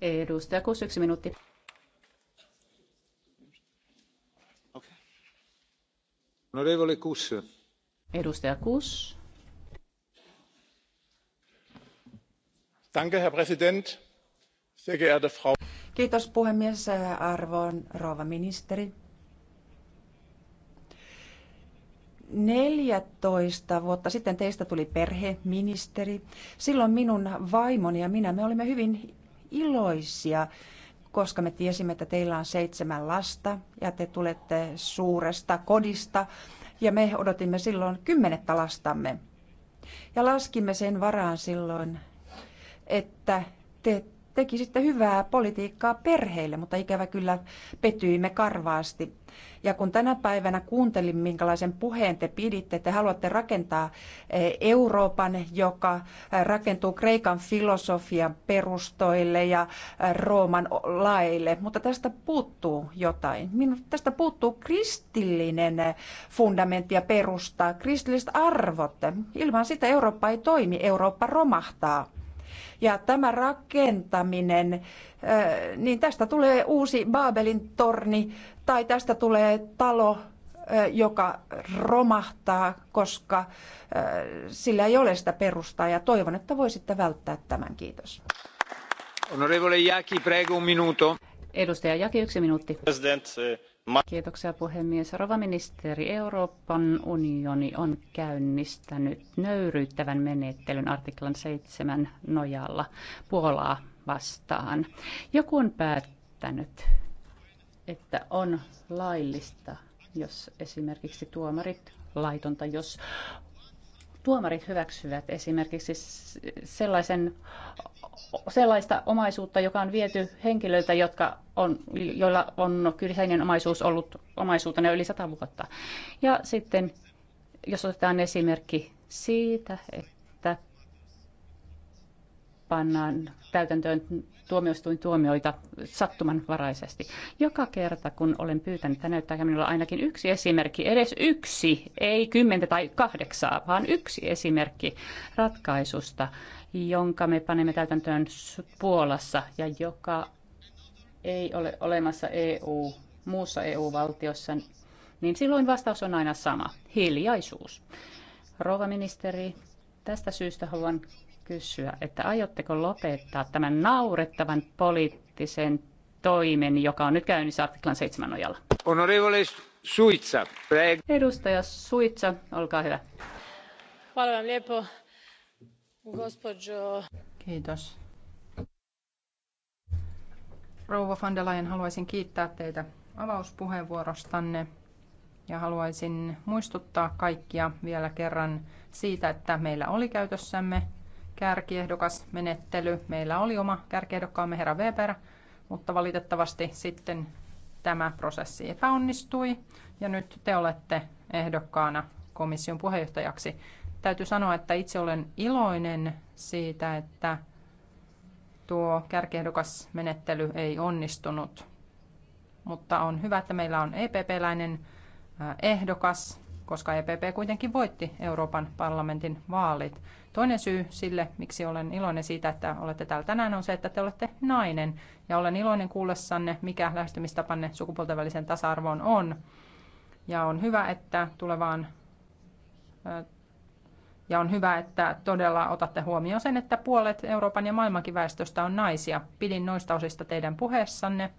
Edustaja Kus, yksi minuutti. Onorevole Kus. Edustaja Kus. Danke, Herr Präsident. Sehr geehrte Frau. Kiitos puhemies, arvon rouva ministeri. 14 vuotta sitten teistä tuli perheministeri. Silloin minun vaimoni ja minä, me olimme hyvin iloisia, koska me tiesimme, että teillä on seitsemän lasta ja te tulette suuresta kodista. Ja me odotimme silloin kymmenettä lastamme. Ja laskimme sen varaan silloin, että te sitten hyvää politiikkaa perheille, mutta ikävä kyllä petyimme karvaasti. Ja kun tänä päivänä kuuntelin, minkälaisen puheen te piditte, te haluatte rakentaa eh, Euroopan, joka eh, rakentuu Kreikan filosofian perustoille ja eh, Rooman laille, mutta tästä puuttuu jotain. Tästä puuttuu kristillinen fundamentti ja perusta, kristilliset arvot. Ilman sitä Eurooppa ei toimi, Eurooppa romahtaa. Ja tämä rakentaminen, niin tästä tulee uusi Baabelin torni tai tästä tulee talo, joka romahtaa, koska sillä ei ole sitä perustaa. Ja toivon, että voisitte välttää tämän. Kiitos. Onorevole Jaki, prego un minuto. Edustaja Jaki, yksi minuutti. President, Kiitoksia puhemies. Rovaministeri, ministeri, Euroopan unioni on käynnistänyt nöyryyttävän menettelyn artiklan 7 nojalla Puolaa vastaan. Joku on päättänyt, että on laillista, jos esimerkiksi tuomarit laitonta, jos tuomarit hyväksyvät esimerkiksi sellaisen, sellaista omaisuutta, joka on viety henkilöiltä, jotka on, joilla on kyseinen omaisuus ollut omaisuutena yli sata vuotta. Ja sitten, jos otetaan esimerkki siitä, että pannaan täytäntöön tuomioistuin tuomioita sattumanvaraisesti. Joka kerta, kun olen pyytänyt, että näyttää minulla ainakin yksi esimerkki, edes yksi, ei kymmentä tai kahdeksaa, vaan yksi esimerkki ratkaisusta, jonka me panemme täytäntöön Puolassa ja joka ei ole olemassa EU, muussa EU-valtiossa, niin silloin vastaus on aina sama, hiljaisuus. Rouva ministeri, tästä syystä haluan kysyä, että aiotteko lopettaa tämän naurettavan poliittisen toimen, joka on nyt käynnissä artiklan 7 nojalla? Honorevole Suitsa, preg. Edustaja Suitsa, olkaa hyvä. Hvala lijepo, Kiitos. Rouva van der Leyen, haluaisin kiittää teitä avauspuheenvuorostanne ja haluaisin muistuttaa kaikkia vielä kerran siitä, että meillä oli käytössämme kärkiehdokasmenettely. Meillä oli oma kärkiehdokkaamme herra Weber, mutta valitettavasti sitten tämä prosessi epäonnistui ja nyt te olette ehdokkaana komission puheenjohtajaksi. Täytyy sanoa, että itse olen iloinen siitä, että tuo kärkiehdokasmenettely ei onnistunut, mutta on hyvä, että meillä on EPP-läinen ehdokas koska EPP kuitenkin voitti Euroopan parlamentin vaalit. Toinen syy sille, miksi olen iloinen siitä, että olette täällä tänään, on se, että te olette nainen. Ja olen iloinen kuullessanne, mikä lähestymistapanne sukupuolten välisen tasa-arvoon on. Ja on hyvä, että tulevaan ja on hyvä, että todella otatte huomioon sen, että puolet Euroopan ja maailmankin väestöstä on naisia. Pidin noista osista teidän puheessanne,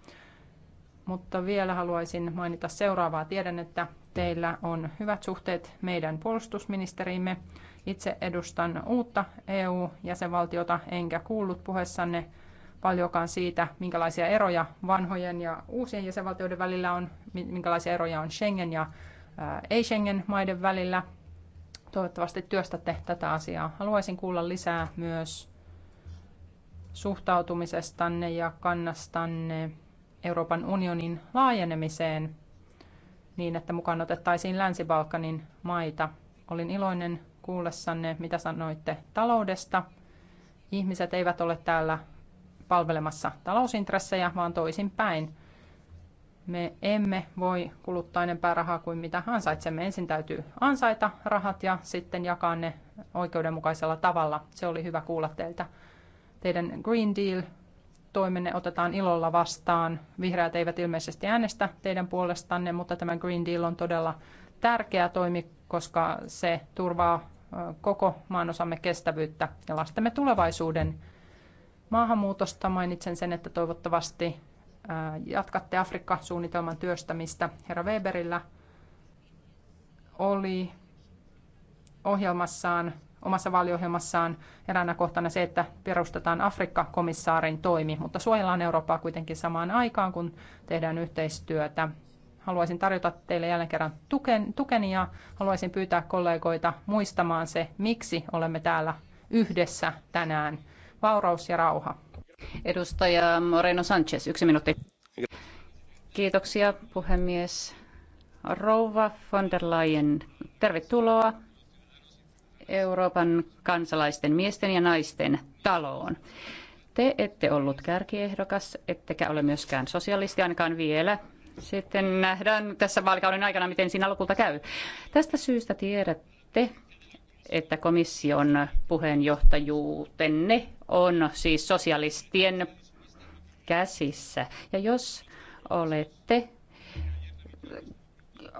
mutta vielä haluaisin mainita seuraavaa. Tiedän, että teillä on hyvät suhteet meidän puolustusministeriimme. Itse edustan uutta EU-jäsenvaltiota, enkä kuullut puheessanne paljonkaan siitä, minkälaisia eroja vanhojen ja uusien jäsenvaltioiden välillä on, minkälaisia eroja on Schengen ja ei-Schengen-maiden välillä. Toivottavasti työstätte tätä asiaa. Haluaisin kuulla lisää myös suhtautumisestanne ja kannastanne Euroopan unionin laajenemiseen niin, että mukaan otettaisiin Länsi-Balkanin maita. Olin iloinen kuullessanne, mitä sanoitte taloudesta. Ihmiset eivät ole täällä palvelemassa talousintressejä, vaan toisinpäin. Me emme voi kuluttaa enempää rahaa kuin mitä ansaitsemme. Ensin täytyy ansaita rahat ja sitten jakaa ne oikeudenmukaisella tavalla. Se oli hyvä kuulla teiltä. Teidän Green Deal toimenne otetaan ilolla vastaan. Vihreät eivät ilmeisesti äänestä teidän puolestanne, mutta tämä Green Deal on todella tärkeä toimi, koska se turvaa koko maanosamme kestävyyttä ja lastemme tulevaisuuden. Maahanmuutosta mainitsen sen, että toivottavasti jatkatte Afrikka-suunnitelman työstämistä. Herra Weberillä oli ohjelmassaan omassa valiohjelmassaan eräänä kohtana se, että perustetaan Afrikka-komissaarin toimi, mutta suojellaan Eurooppaa kuitenkin samaan aikaan, kun tehdään yhteistyötä. Haluaisin tarjota teille jälleen kerran tuken, tukeni ja haluaisin pyytää kollegoita muistamaan se, miksi olemme täällä yhdessä tänään. Vauraus ja rauha. Edustaja Moreno Sanchez, yksi minuutti. Kiitoksia puhemies. Rouva von der Leyen, tervetuloa Euroopan kansalaisten miesten ja naisten taloon. Te ette ollut kärkiehdokas, ettekä ole myöskään sosialisti ainakaan vielä. Sitten nähdään tässä vaalikauden aikana, miten siinä lopulta käy. Tästä syystä tiedätte, että komission puheenjohtajuutenne on siis sosialistien käsissä. Ja jos olette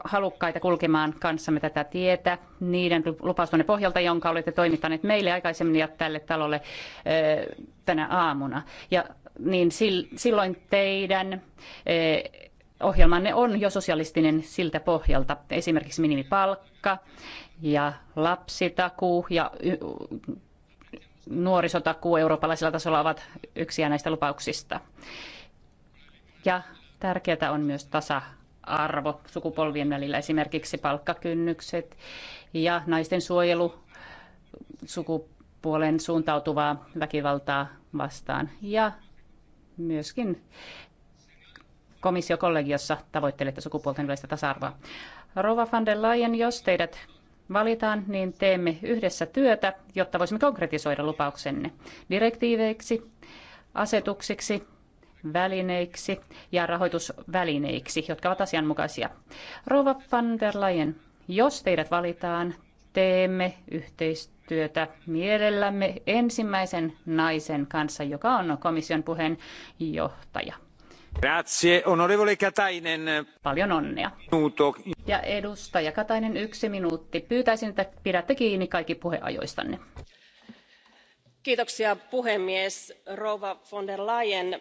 halukkaita kulkemaan kanssamme tätä tietä niiden lupaustonne pohjalta, jonka olette toimittaneet meille aikaisemmin ja tälle talolle tänä aamuna. Ja niin silloin teidän ohjelmanne on jo sosialistinen siltä pohjalta. Esimerkiksi minimipalkka ja lapsitakuu ja nuorisotakuu eurooppalaisella tasolla ovat yksiä näistä lupauksista. Ja tärkeää on myös tasa arvo sukupolvien välillä, esimerkiksi palkkakynnykset ja naisten suojelu sukupuolen suuntautuvaa väkivaltaa vastaan. Ja myöskin komissiokollegiossa tavoittelette sukupuolten välistä tasa-arvoa. Rova van der Leyen, jos teidät valitaan, niin teemme yhdessä työtä, jotta voisimme konkretisoida lupauksenne direktiiveiksi, asetuksiksi välineiksi ja rahoitusvälineiksi, jotka ovat asianmukaisia. Rouva van der Leyen, jos teidät valitaan, teemme yhteistyötä mielellämme ensimmäisen naisen kanssa, joka on komission puheenjohtaja. Grazie, onorevole Katainen. Paljon onnea. Minuto. Ja edustaja Katainen, yksi minuutti. Pyytäisin, että pidätte kiinni kaikki puheajoistanne. Kiitoksia puhemies. Rouva von der Leyen,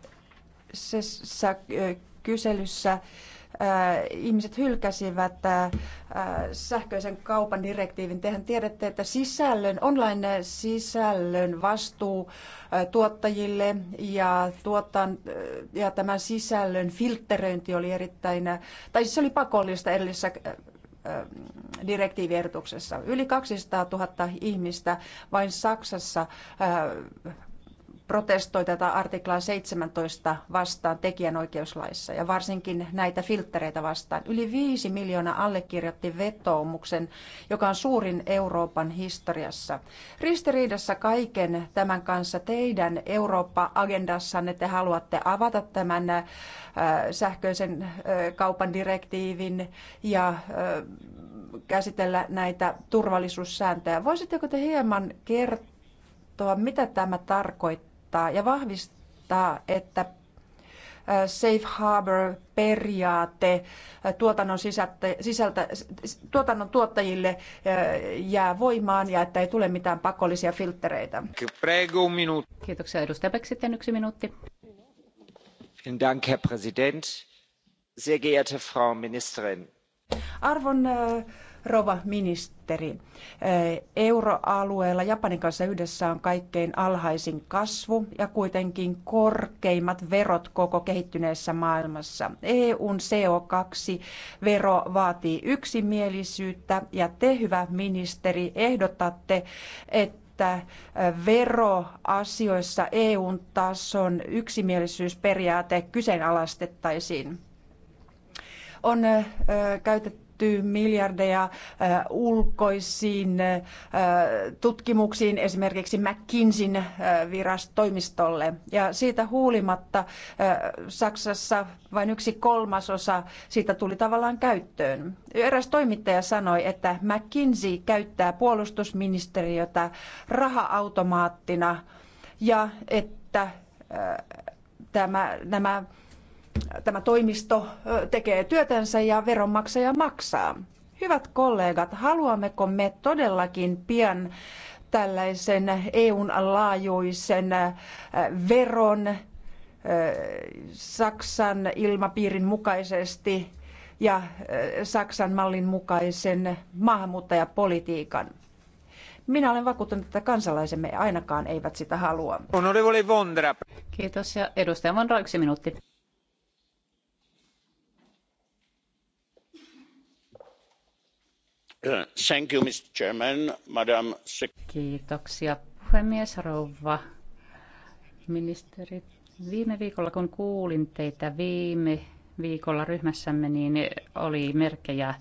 viimeisessä kyselyssä ihmiset hylkäsivät sähköisen kaupan direktiivin. Tehän tiedätte, että sisällön, online-sisällön vastuu tuottajille ja, tuotan, ja tämän sisällön filtteröinti oli erittäin, tai siis se oli pakollista edellisessä direktiiviehdotuksessa. Yli 200 000 ihmistä vain Saksassa protestoi tätä artiklaa 17 vastaan tekijänoikeuslaissa ja varsinkin näitä filttereitä vastaan. Yli viisi miljoonaa allekirjoitti vetoomuksen, joka on suurin Euroopan historiassa. Ristiriidassa kaiken tämän kanssa teidän Eurooppa-agendassanne te haluatte avata tämän äh, sähköisen äh, kaupan direktiivin ja äh, käsitellä näitä turvallisuussääntöjä. Voisitteko te hieman kertoa, mitä tämä tarkoittaa? korostaa ja vahvistaa, että safe harbour periaate tuotannon, sisältä, sisältä, tuotannon tuottajille jää voimaan ja että ei tule mitään pakollisia filttereitä. Kiitoksia edustaja Beck, sitten yksi minuutti. Dank, Herr Präsident. Sehr geehrte Frau Ministerin. Arvon äh, Rova ministeri, eh, euroalueella Japanin kanssa yhdessä on kaikkein alhaisin kasvu ja kuitenkin korkeimmat verot koko kehittyneessä maailmassa. EUn CO2-vero vaatii yksimielisyyttä ja te, hyvä ministeri, ehdotatte, että että eh, veroasioissa EUn tason yksimielisyysperiaate kyseenalaistettaisiin. On eh, käytetty käytetty miljardeja äh, ulkoisiin äh, tutkimuksiin, esimerkiksi McKinseyn äh, virastoimistolle. Ja siitä huolimatta Saksassa vain yksi kolmasosa siitä tuli tavallaan käyttöön. Eräs toimittaja sanoi, että McKinsey käyttää puolustusministeriötä raha-automaattina ja että tämä, nämä tämä toimisto tekee työtänsä ja veronmaksaja maksaa. Hyvät kollegat, haluammeko me todellakin pian tällaisen EUn laajuisen veron Saksan ilmapiirin mukaisesti ja Saksan mallin mukaisen maahanmuuttajapolitiikan. Minä olen vakuuttunut, että kansalaisemme ainakaan eivät sitä halua. Kiitos ja edustaja Vondra, yksi minuutti. Uh, Kiitoksia puhemies, rouva ministeri. Viime viikolla kun kuulin teitä viime viikolla ryhmässämme, niin oli merkkejä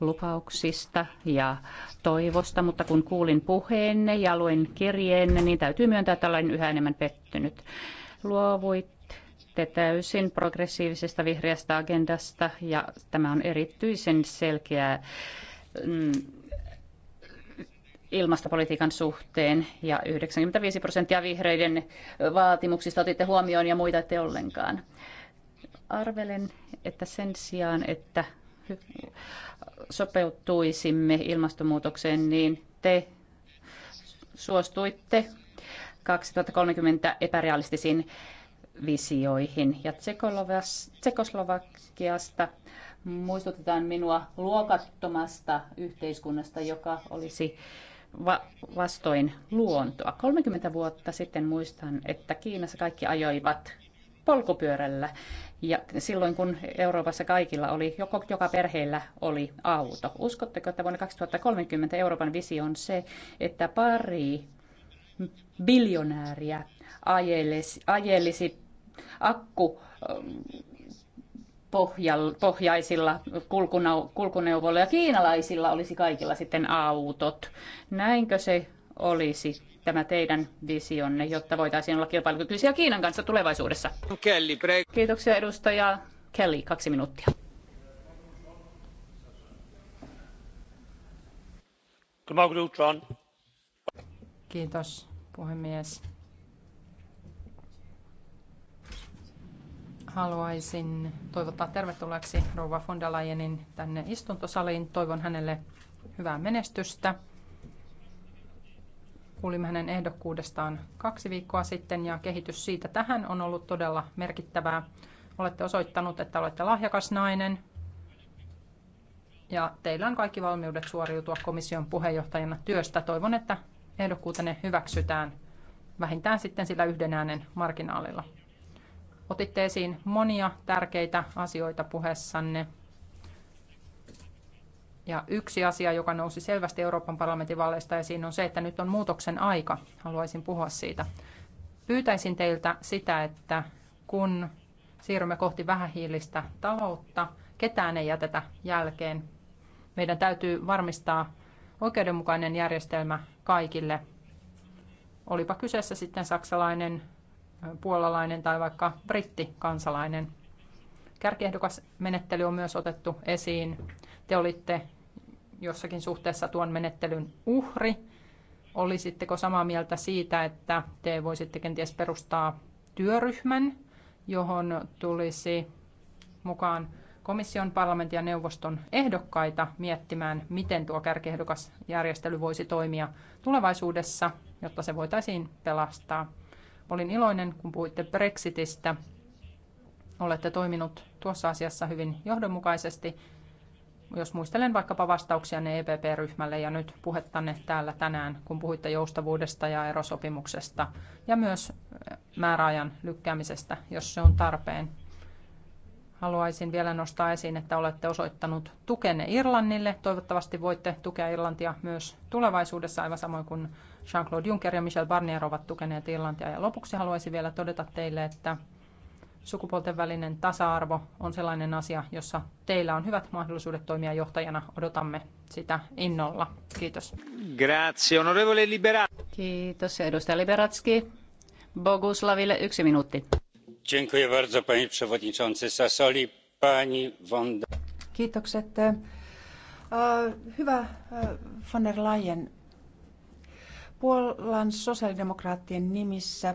lupauksista ja toivosta, mutta kun kuulin puheenne ja luin kirjeenne, niin täytyy myöntää, että olen yhä enemmän pettynyt. Luovuitte täysin progressiivisesta vihreästä agendasta ja tämä on erityisen selkeää Mm, ilmastopolitiikan suhteen ja 95 prosenttia vihreiden vaatimuksista otitte huomioon ja muita ette ollenkaan. Arvelen, että sen sijaan, että sopeutuisimme ilmastonmuutokseen, niin te suostuitte 2030 epärealistisiin visioihin. Ja Tsekoslovakiasta muistutetaan minua luokattomasta yhteiskunnasta, joka olisi va- vastoin luontoa. 30 vuotta sitten muistan, että Kiinassa kaikki ajoivat polkupyörällä. Ja silloin kun Euroopassa kaikilla oli, joko, joka perheellä oli auto. Uskotteko, että vuonna 2030 Euroopan visio on se, että pari biljonääriä ajelisi, ajelisi akku ähm, pohjaisilla kulkuneuvoilla ja kiinalaisilla olisi kaikilla sitten autot. Näinkö se olisi tämä teidän visionne, jotta voitaisiin olla kilpailukykyisiä Kiinan kanssa tulevaisuudessa? Kelly, Kiitoksia edustaja Kelly, kaksi minuuttia. Kiitos puhemies. haluaisin toivottaa tervetulleeksi rouva von der Leyenin tänne istuntosaliin. Toivon hänelle hyvää menestystä. Kuulimme hänen ehdokkuudestaan kaksi viikkoa sitten ja kehitys siitä tähän on ollut todella merkittävää. Olette osoittanut, että olette lahjakas nainen ja teillä on kaikki valmiudet suoriutua komission puheenjohtajana työstä. Toivon, että ehdokkuutenne hyväksytään vähintään sitten sillä yhden äänen marginaalilla. Otitte esiin monia tärkeitä asioita puheessanne. Ja yksi asia, joka nousi selvästi Euroopan parlamentin valleista esiin, on se, että nyt on muutoksen aika. Haluaisin puhua siitä. Pyytäisin teiltä sitä, että kun siirrymme kohti vähähiilistä taloutta, ketään ei jätetä jälkeen. Meidän täytyy varmistaa oikeudenmukainen järjestelmä kaikille. Olipa kyseessä sitten saksalainen, puolalainen tai vaikka britti kansalainen. Kärkiehdokas menettely on myös otettu esiin. Te olitte jossakin suhteessa tuon menettelyn uhri. Olisitteko samaa mieltä siitä, että te voisitte kenties perustaa työryhmän, johon tulisi mukaan komission, parlamentin ja neuvoston ehdokkaita miettimään, miten tuo kärkiehdokas järjestely voisi toimia tulevaisuudessa, jotta se voitaisiin pelastaa. Olin iloinen, kun puhuitte Brexitistä. Olette toiminut tuossa asiassa hyvin johdonmukaisesti. Jos muistelen vaikkapa vastauksianne EPP-ryhmälle ja nyt puhettanne täällä tänään, kun puhuitte joustavuudesta ja erosopimuksesta ja myös määräajan lykkäämisestä, jos se on tarpeen haluaisin vielä nostaa esiin, että olette osoittanut tukenne Irlannille. Toivottavasti voitte tukea Irlantia myös tulevaisuudessa, aivan samoin kuin Jean-Claude Juncker ja Michel Barnier ovat tukeneet Irlantia. Ja lopuksi haluaisin vielä todeta teille, että sukupuolten välinen tasa-arvo on sellainen asia, jossa teillä on hyvät mahdollisuudet toimia johtajana. Odotamme sitä innolla. Kiitos. Grazie, onorevole Libera. Kiitos, edustaja Liberatski. Boguslaville yksi minuutti. Dziękuję bardzo, pani przewodniczący Sassoli, pani von... Kiitokset. Äh, hyvä äh, von der Leyen, Puolan sosiaalidemokraattien nimissä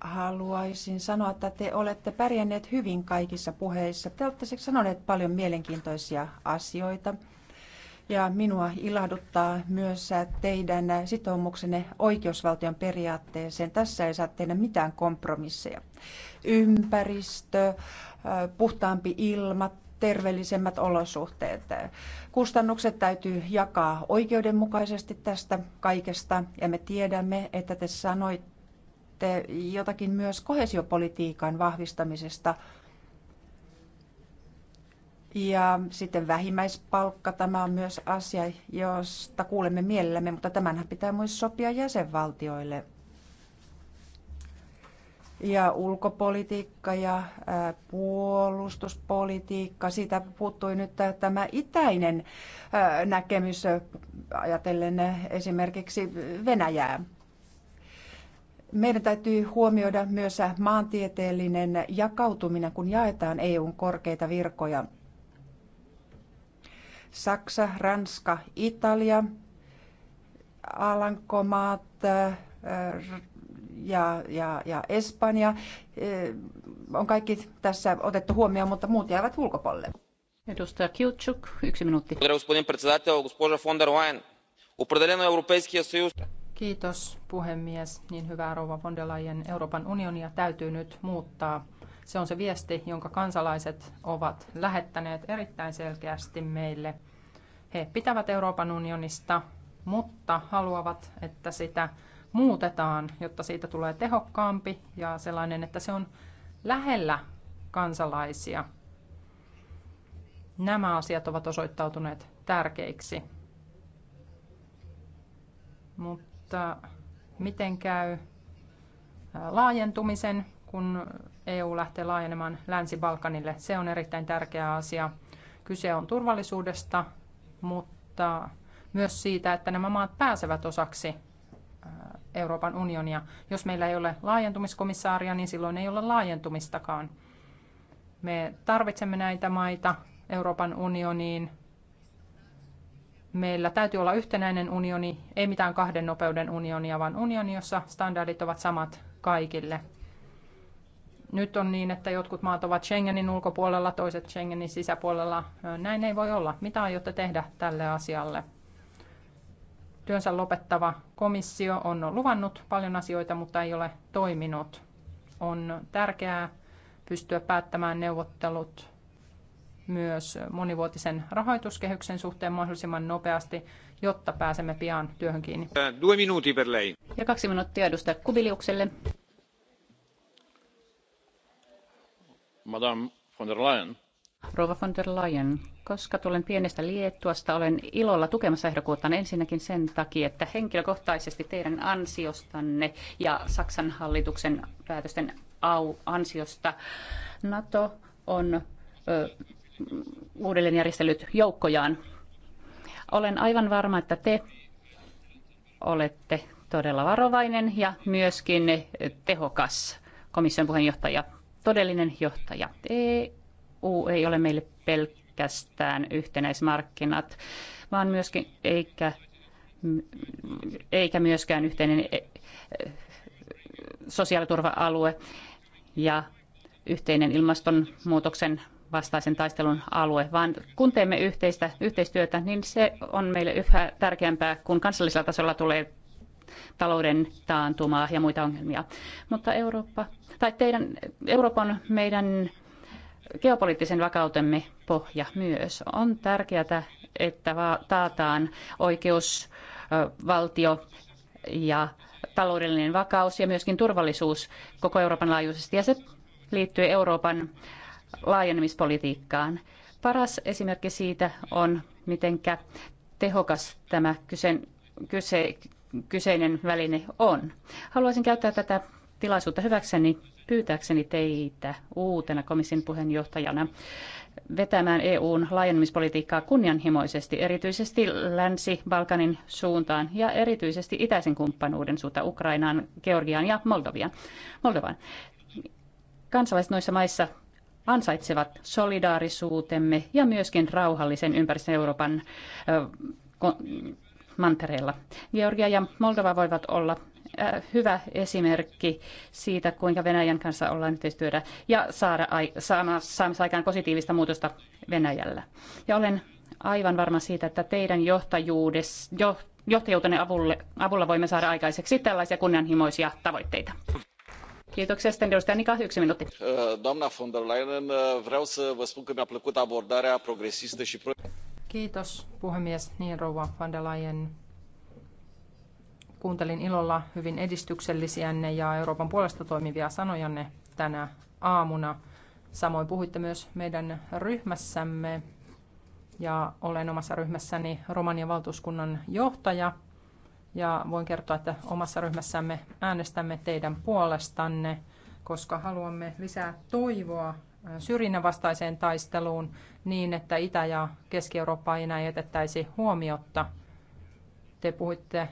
haluaisin sanoa, että te olette pärjänneet hyvin kaikissa puheissa. Te olette siis sanoneet paljon mielenkiintoisia asioita. Ja minua ilahduttaa myös teidän sitoumuksenne oikeusvaltion periaatteeseen. Tässä ei saa tehdä mitään kompromisseja. Ympäristö, puhtaampi ilma, terveellisemmät olosuhteet. Kustannukset täytyy jakaa oikeudenmukaisesti tästä kaikesta ja me tiedämme, että te sanoitte jotakin myös kohesiopolitiikan vahvistamisesta ja sitten vähimmäispalkka, tämä on myös asia, josta kuulemme mielellämme, mutta tämänhän pitää myös sopia jäsenvaltioille ja ulkopolitiikka ja puolustuspolitiikka. Siitä puuttui nyt tämä itäinen näkemys ajatellen esimerkiksi Venäjää. Meidän täytyy huomioida myös maantieteellinen jakautuminen, kun jaetaan EUn korkeita virkoja. Saksa, Ranska, Italia, Alankomaat, ja, ja, ja Espanja e, on kaikki tässä otettu huomioon, mutta muut jäävät ulkopuolelle. Edustaja Kiutsuk, yksi minuutti. Kiitos puhemies. Niin hyvää rouva von der Leyen. Euroopan unionia täytyy nyt muuttaa. Se on se viesti, jonka kansalaiset ovat lähettäneet erittäin selkeästi meille. He pitävät Euroopan unionista, mutta haluavat, että sitä muutetaan, jotta siitä tulee tehokkaampi ja sellainen, että se on lähellä kansalaisia. Nämä asiat ovat osoittautuneet tärkeiksi. Mutta miten käy äh, laajentumisen, kun EU lähtee laajenemaan Länsi-Balkanille? Se on erittäin tärkeä asia. Kyse on turvallisuudesta, mutta myös siitä, että nämä maat pääsevät osaksi Euroopan unionia. Jos meillä ei ole laajentumiskomissaaria, niin silloin ei ole laajentumistakaan. Me tarvitsemme näitä maita Euroopan unioniin. Meillä täytyy olla yhtenäinen unioni, ei mitään kahden nopeuden unionia, vaan unioni, jossa standardit ovat samat kaikille. Nyt on niin, että jotkut maat ovat Schengenin ulkopuolella, toiset Schengenin sisäpuolella. Näin ei voi olla. Mitä aiotte tehdä tälle asialle? työnsä lopettava komissio on luvannut paljon asioita, mutta ei ole toiminut. On tärkeää pystyä päättämään neuvottelut myös monivuotisen rahoituskehyksen suhteen mahdollisimman nopeasti, jotta pääsemme pian työhön kiinni. Eh, due minuti per lei. Ja kaksi minuuttia edustaja Kubiliukselle. Madame von der Leyen. Rova von der Leyen. Koska tulen pienestä Liettuasta, olen ilolla tukemassa ehdokkuuttaan ensinnäkin sen takia, että henkilökohtaisesti teidän ansiostanne ja Saksan hallituksen päätösten ansiosta NATO on ö, uudelleen järjestellyt joukkojaan. Olen aivan varma, että te olette todella varovainen ja myöskin tehokas komission puheenjohtaja, todellinen johtaja. EU ei ole meille pelkkä pelkästään yhtenäismarkkinat, vaan myöskin eikä, eikä myöskään yhteinen e, sosiaaliturva-alue ja yhteinen ilmastonmuutoksen vastaisen taistelun alue, vaan kun teemme yhteistä yhteistyötä, niin se on meille yhä tärkeämpää, kun kansallisella tasolla tulee talouden taantumaa ja muita ongelmia. Mutta Eurooppa, tai teidän, Euroopan meidän geopoliittisen vakautemme pohja myös. On tärkeää, että taataan oikeusvaltio ja taloudellinen vakaus ja myöskin turvallisuus koko Euroopan laajuisesti. Ja se liittyy Euroopan laajenemispolitiikkaan. Paras esimerkki siitä on, miten tehokas tämä kyse, kyse, kyseinen väline on. Haluaisin käyttää tätä tilaisuutta hyväkseni pyytääkseni teitä uutena komission puheenjohtajana vetämään EUn laajenemispolitiikkaa kunnianhimoisesti, erityisesti Länsi-Balkanin suuntaan ja erityisesti itäisen kumppanuuden suuntaan Ukrainaan, Georgiaan ja Moldoviaan. Moldovaan. Kansalaiset noissa maissa ansaitsevat solidaarisuutemme ja myöskin rauhallisen ympäristön Euroopan mantereella. Georgia ja Moldova voivat olla Äh, hyvä esimerkki siitä, kuinka Venäjän kanssa ollaan yhteistyötä ja saada, saada, saamassa aikaan positiivista muutosta Venäjällä. Ja olen aivan varma siitä, että teidän johtajuudes, johtajuutenne avulle, avulla voimme saada aikaiseksi tällaisia kunnianhimoisia tavoitteita. Kiitoksia. Sitten edustaja Nika, yksi minuutti. Äh, Domna von der Leyen, äh, vreau să vă spun că mi-a plăcut abordarea progresistă și... Kiitos, puhemies. Niin, rouva von der Leyen, Kuuntelin ilolla hyvin edistyksellisiänne ja Euroopan puolesta toimivia sanojanne tänä aamuna. Samoin puhuitte myös meidän ryhmässämme ja olen omassa ryhmässäni Romanian valtuuskunnan johtaja. Ja voin kertoa, että omassa ryhmässämme äänestämme teidän puolestanne, koska haluamme lisää toivoa syrjinnän vastaiseen taisteluun niin, että Itä- ja Keski-Eurooppaa ei enää jätettäisi huomiotta. Te puhuitte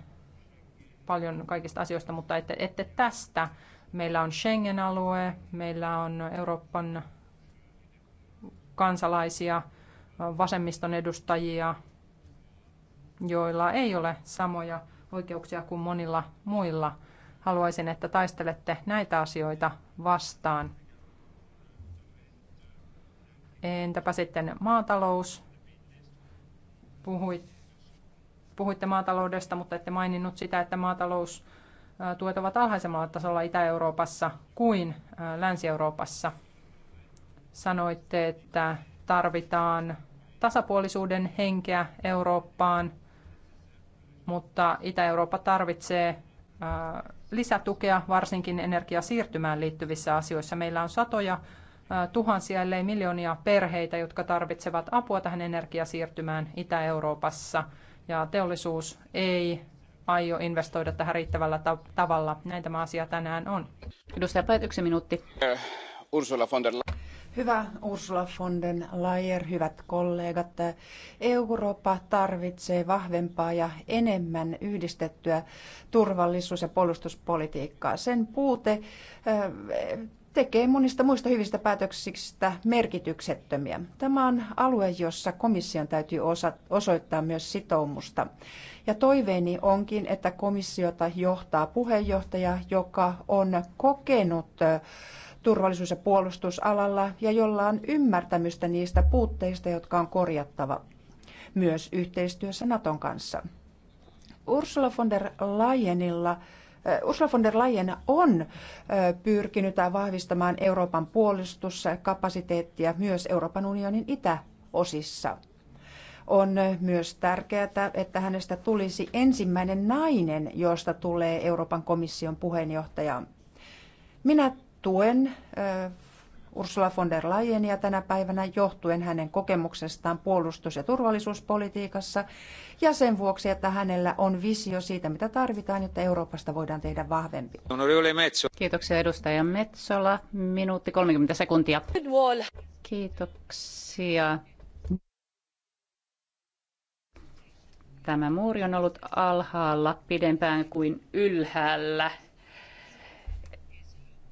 paljon kaikista asioista, mutta ette, ette tästä. Meillä on Schengen-alue, meillä on Euroopan kansalaisia, vasemmiston edustajia, joilla ei ole samoja oikeuksia kuin monilla muilla. Haluaisin, että taistelette näitä asioita vastaan. Entäpä sitten maatalous? Puhuitte Puhuitte maataloudesta, mutta ette maininnut sitä, että maataloustuet ovat alhaisemmalla tasolla Itä-Euroopassa kuin Länsi-Euroopassa. Sanoitte, että tarvitaan tasapuolisuuden henkeä Eurooppaan, mutta Itä-Eurooppa tarvitsee lisätukea varsinkin energiasiirtymään liittyvissä asioissa. Meillä on satoja tuhansia, ellei miljoonia perheitä, jotka tarvitsevat apua tähän energiasiirtymään Itä-Euroopassa ja teollisuus ei aio investoida tähän riittävällä ta- tavalla. Näin tämä asia tänään on. Edustaja Päät, yksi minuutti. Eh, Ursula von der Hyvä Ursula von der Leyen, hyvät kollegat. Eurooppa tarvitsee vahvempaa ja enemmän yhdistettyä turvallisuus- ja puolustuspolitiikkaa. Sen puute eh, tekee monista muista hyvistä päätöksistä merkityksettömiä. Tämä on alue, jossa komission täytyy osoittaa myös sitoumusta. Ja toiveeni onkin, että komissiota johtaa puheenjohtaja, joka on kokenut turvallisuus- ja puolustusalalla ja jolla on ymmärtämystä niistä puutteista, jotka on korjattava myös yhteistyössä Naton kanssa. Ursula von der Leyenilla Ursula von der Leyen on pyrkinyt vahvistamaan Euroopan puolustuskapasiteettia myös Euroopan unionin itäosissa. On myös tärkeää, että hänestä tulisi ensimmäinen nainen, josta tulee Euroopan komission puheenjohtaja. Minä tuen Ursula von der Leyenia tänä päivänä johtuen hänen kokemuksestaan puolustus- ja turvallisuuspolitiikassa ja sen vuoksi, että hänellä on visio siitä, mitä tarvitaan, jotta Euroopasta voidaan tehdä vahvempi. Kiitoksia edustaja Metsola. Minuutti 30 sekuntia. Kiitoksia. Tämä muuri on ollut alhaalla pidempään kuin ylhäällä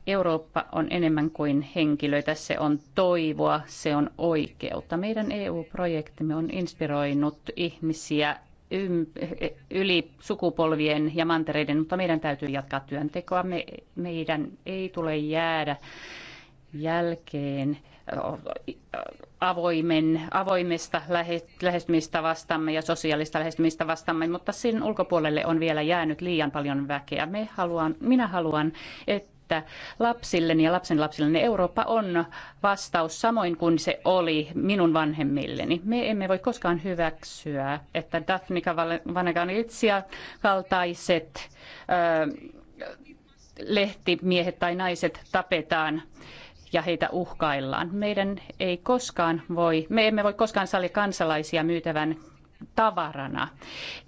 Eurooppa on enemmän kuin henkilöitä, se on toivoa, se on oikeutta. Meidän EU-projektimme on inspiroinut ihmisiä yli sukupolvien ja mantereiden, mutta meidän täytyy jatkaa työntekoa. Me, meidän ei tule jäädä jälkeen avoimen, avoimesta vastamme ja sosiaalista vastamme, mutta sen ulkopuolelle on vielä jäänyt liian paljon väkeä. Me haluan, minä haluan, että että lapsilleni ja lapsenlapsilleni Eurooppa on vastaus samoin kuin se oli minun vanhemmilleni. Me emme voi koskaan hyväksyä, että Daphne Vanaganitsia kaltaiset ö, lehtimiehet tai naiset tapetaan ja heitä uhkaillaan. Meidän ei koskaan voi, me emme voi koskaan sallia kansalaisia myytävän tavarana.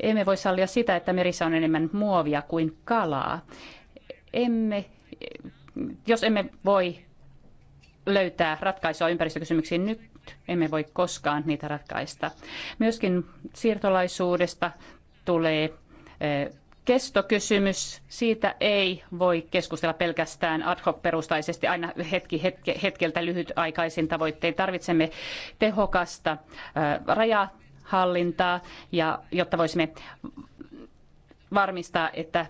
Emme voi sallia sitä, että merissä on enemmän muovia kuin kalaa. Emme jos emme voi löytää ratkaisua ympäristökysymyksiin nyt, emme voi koskaan niitä ratkaista. Myöskin siirtolaisuudesta tulee kestokysymys. Siitä ei voi keskustella pelkästään ad hoc perustaisesti aina hetki, hetke, hetkeltä lyhytaikaisin tavoittein. Tarvitsemme tehokasta rajahallintaa, ja, jotta voisimme varmistaa, että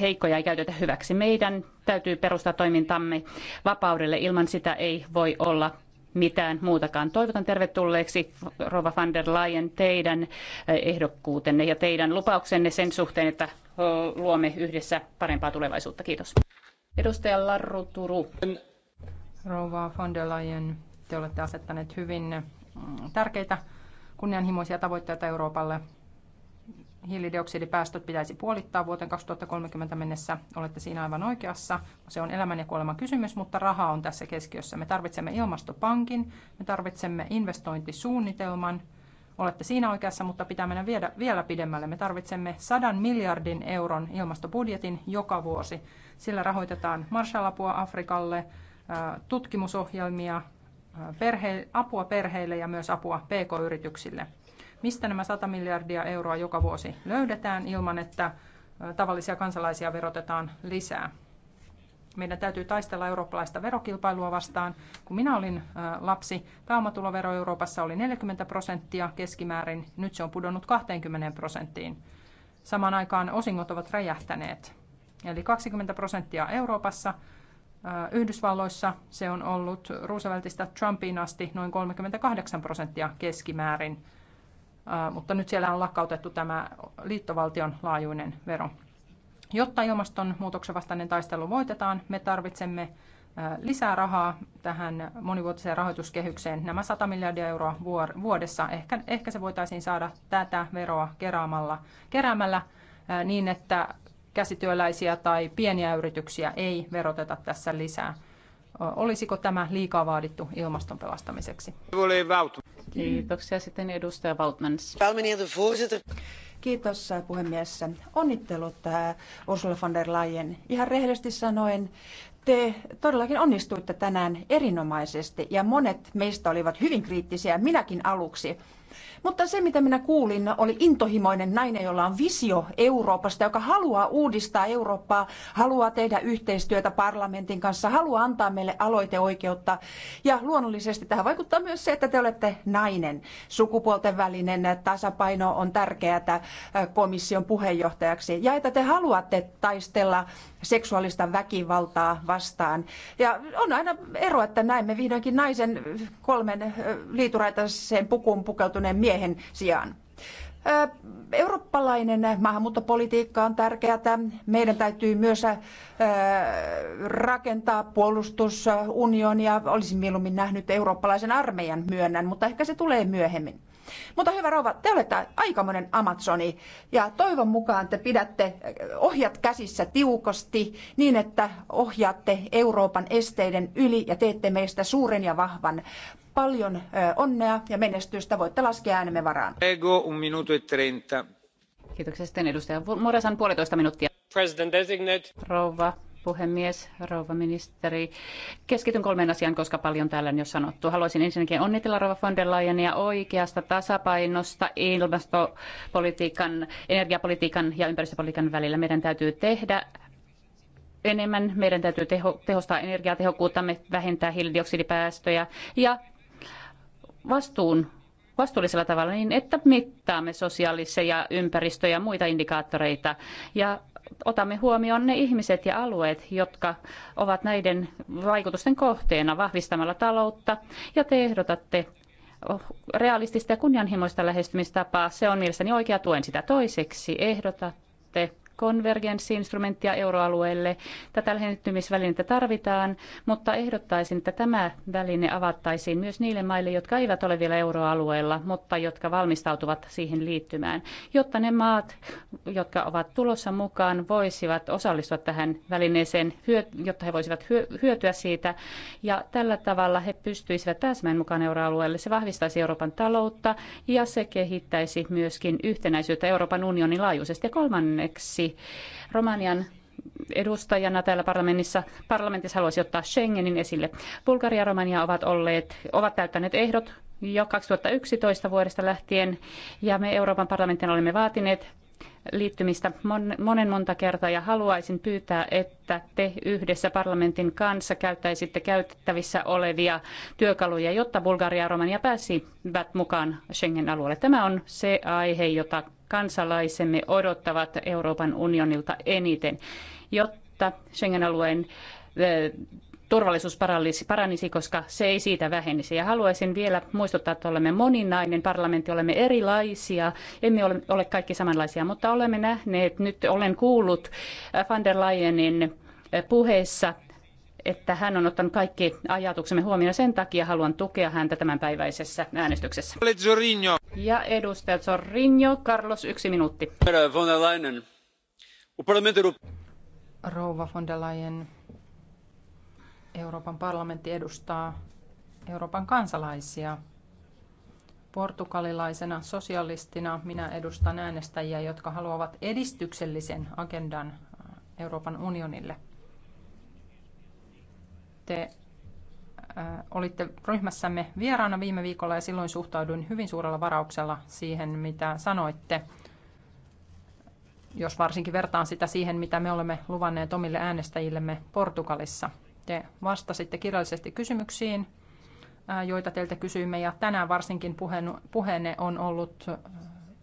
heikkoja ei käytetä hyväksi. Meidän täytyy perustaa toimintamme vapaudelle. Ilman sitä ei voi olla mitään muutakaan. Toivotan tervetulleeksi Rova van der Leyen teidän eh, ehdokkuutenne ja teidän lupauksenne sen suhteen, että eh, luomme yhdessä parempaa tulevaisuutta. Kiitos. Edustaja Larru Turu. Rova van der Leyen, te olette asettaneet hyvin mm, tärkeitä kunnianhimoisia tavoitteita Euroopalle hiilidioksidipäästöt pitäisi puolittaa vuoteen 2030 mennessä. Olette siinä aivan oikeassa. Se on elämän ja kuoleman kysymys, mutta raha on tässä keskiössä. Me tarvitsemme ilmastopankin, me tarvitsemme investointisuunnitelman. Olette siinä oikeassa, mutta pitää mennä viedä, vielä pidemmälle. Me tarvitsemme 100 miljardin euron ilmastobudjetin joka vuosi. Sillä rahoitetaan Marshallapua Afrikalle, tutkimusohjelmia, perhe, apua perheille ja myös apua pk-yrityksille – mistä nämä 100 miljardia euroa joka vuosi löydetään ilman, että tavallisia kansalaisia verotetaan lisää. Meidän täytyy taistella eurooppalaista verokilpailua vastaan. Kun minä olin lapsi, pääomatulovero Euroopassa oli 40 prosenttia keskimäärin, nyt se on pudonnut 20 prosenttiin. Samaan aikaan osingot ovat räjähtäneet. Eli 20 prosenttia Euroopassa, Yhdysvalloissa se on ollut Rooseveltista Trumpiin asti noin 38 prosenttia keskimäärin mutta nyt siellä on lakkautettu tämä liittovaltion laajuinen vero. Jotta ilmastonmuutoksen vastainen taistelu voitetaan, me tarvitsemme lisää rahaa tähän monivuotiseen rahoituskehykseen, nämä 100 miljardia euroa vuodessa. Ehkä, ehkä se voitaisiin saada tätä veroa keräämällä, keräämällä niin, että käsityöläisiä tai pieniä yrityksiä ei veroteta tässä lisää. Olisiko tämä liikaa vaadittu ilmaston pelastamiseksi? Kiitoksia sitten edustaja Valtmans. Kiitos puhemies. Onnittelut äh, Ursula von der Leyen. Ihan rehellisesti sanoen te todellakin onnistuitte tänään erinomaisesti ja monet meistä olivat hyvin kriittisiä, minäkin aluksi. Mutta se, mitä minä kuulin, oli intohimoinen nainen, jolla on visio Euroopasta, joka haluaa uudistaa Eurooppaa, haluaa tehdä yhteistyötä parlamentin kanssa, haluaa antaa meille aloiteoikeutta. Ja luonnollisesti tähän vaikuttaa myös se, että te olette nainen. Sukupuolten välinen tasapaino on tärkeää äh, komission puheenjohtajaksi ja että te haluatte taistella seksuaalista väkivaltaa vastaan. Ja on aina ero, että näemme vihdoinkin naisen kolmen liituraitaiseen pukuun pukeutuneen miehen sijaan. Eurooppalainen maahanmuuttopolitiikka on tärkeää. Meidän täytyy myös rakentaa puolustusunionia. Olisin mieluummin nähnyt eurooppalaisen armeijan myönnän, mutta ehkä se tulee myöhemmin. Mutta hyvä rouva, te olette aikamoinen Amazoni ja toivon mukaan te pidätte eh, ohjat käsissä tiukasti niin, että ohjaatte Euroopan esteiden yli ja teette meistä suuren ja vahvan. Paljon eh, onnea ja menestystä. Voitte laskea äänemme varaan. Ego, un minuto e trenta. Kiitoksia sitten edustaja Morasan puolitoista minuuttia. President designate. Rouva puhemies, rouva ministeri. Keskityn kolmeen asiaan, koska paljon täällä on jo sanottu. Haluaisin ensinnäkin onnitella rouva von der Leyenia oikeasta tasapainosta ilmastopolitiikan, energiapolitiikan ja ympäristöpolitiikan välillä. Meidän täytyy tehdä enemmän. Meidän täytyy teho, tehostaa energiatehokkuuttamme, vähentää hiilidioksidipäästöjä ja vastuun vastuullisella tavalla niin, että mittaamme sosiaalisia ympäristö- ja muita indikaattoreita ja otamme huomioon ne ihmiset ja alueet, jotka ovat näiden vaikutusten kohteena vahvistamalla taloutta ja te ehdotatte realistista ja kunnianhimoista lähestymistapaa. Se on mielestäni oikea tuen sitä toiseksi. Ehdotatte konvergenssiinstrumenttia euroalueelle. Tätä lähentymisvälinettä tarvitaan, mutta ehdottaisin, että tämä väline avattaisiin myös niille maille, jotka eivät ole vielä euroalueella, mutta jotka valmistautuvat siihen liittymään, jotta ne maat, jotka ovat tulossa mukaan, voisivat osallistua tähän välineeseen, jotta he voisivat hyötyä siitä. Ja tällä tavalla he pystyisivät pääsemään mukaan euroalueelle. Se vahvistaisi Euroopan taloutta ja se kehittäisi myöskin yhtenäisyyttä Euroopan unionin laajuisesti. Ja kolmanneksi esimerkiksi Romanian edustajana täällä parlamentissa, parlamentissa haluaisi ottaa Schengenin esille. Bulgaria ja Romania ovat, olleet, ovat täyttäneet ehdot jo 2011 vuodesta lähtien ja me Euroopan parlamentin olemme vaatineet liittymistä monen monta kertaa ja haluaisin pyytää, että te yhdessä parlamentin kanssa käyttäisitte käytettävissä olevia työkaluja, jotta Bulgaria ja Romania pääsivät mukaan Schengen-alueelle. Tämä on se aihe, jota kansalaisemme odottavat Euroopan unionilta eniten, jotta Schengen-alueen turvallisuus paranisi, koska se ei siitä vähenisi. Ja haluaisin vielä muistuttaa, että olemme moninainen parlamentti, olemme erilaisia, emme ole, ole kaikki samanlaisia, mutta olemme nähneet, nyt olen kuullut van der Leyenin puheessa, että hän on ottanut kaikki ajatuksemme huomioon ja sen takia haluan tukea häntä tämänpäiväisessä äänestyksessä. Ja edustajat Sorrinho, Carlos, yksi minuutti. Rouva von der Leyen, Euroopan parlamentti edustaa Euroopan kansalaisia. Portugalilaisena sosialistina minä edustan äänestäjiä, jotka haluavat edistyksellisen agendan äh, Euroopan unionille. Te Äh, olitte ryhmässämme vieraana viime viikolla ja silloin suhtauduin hyvin suurella varauksella siihen, mitä sanoitte. Jos varsinkin vertaan sitä siihen, mitä me olemme luvanneet omille äänestäjillemme Portugalissa. Te vastasitte kirjallisesti kysymyksiin, äh, joita teiltä kysyimme, ja tänään varsinkin puheenne on ollut äh,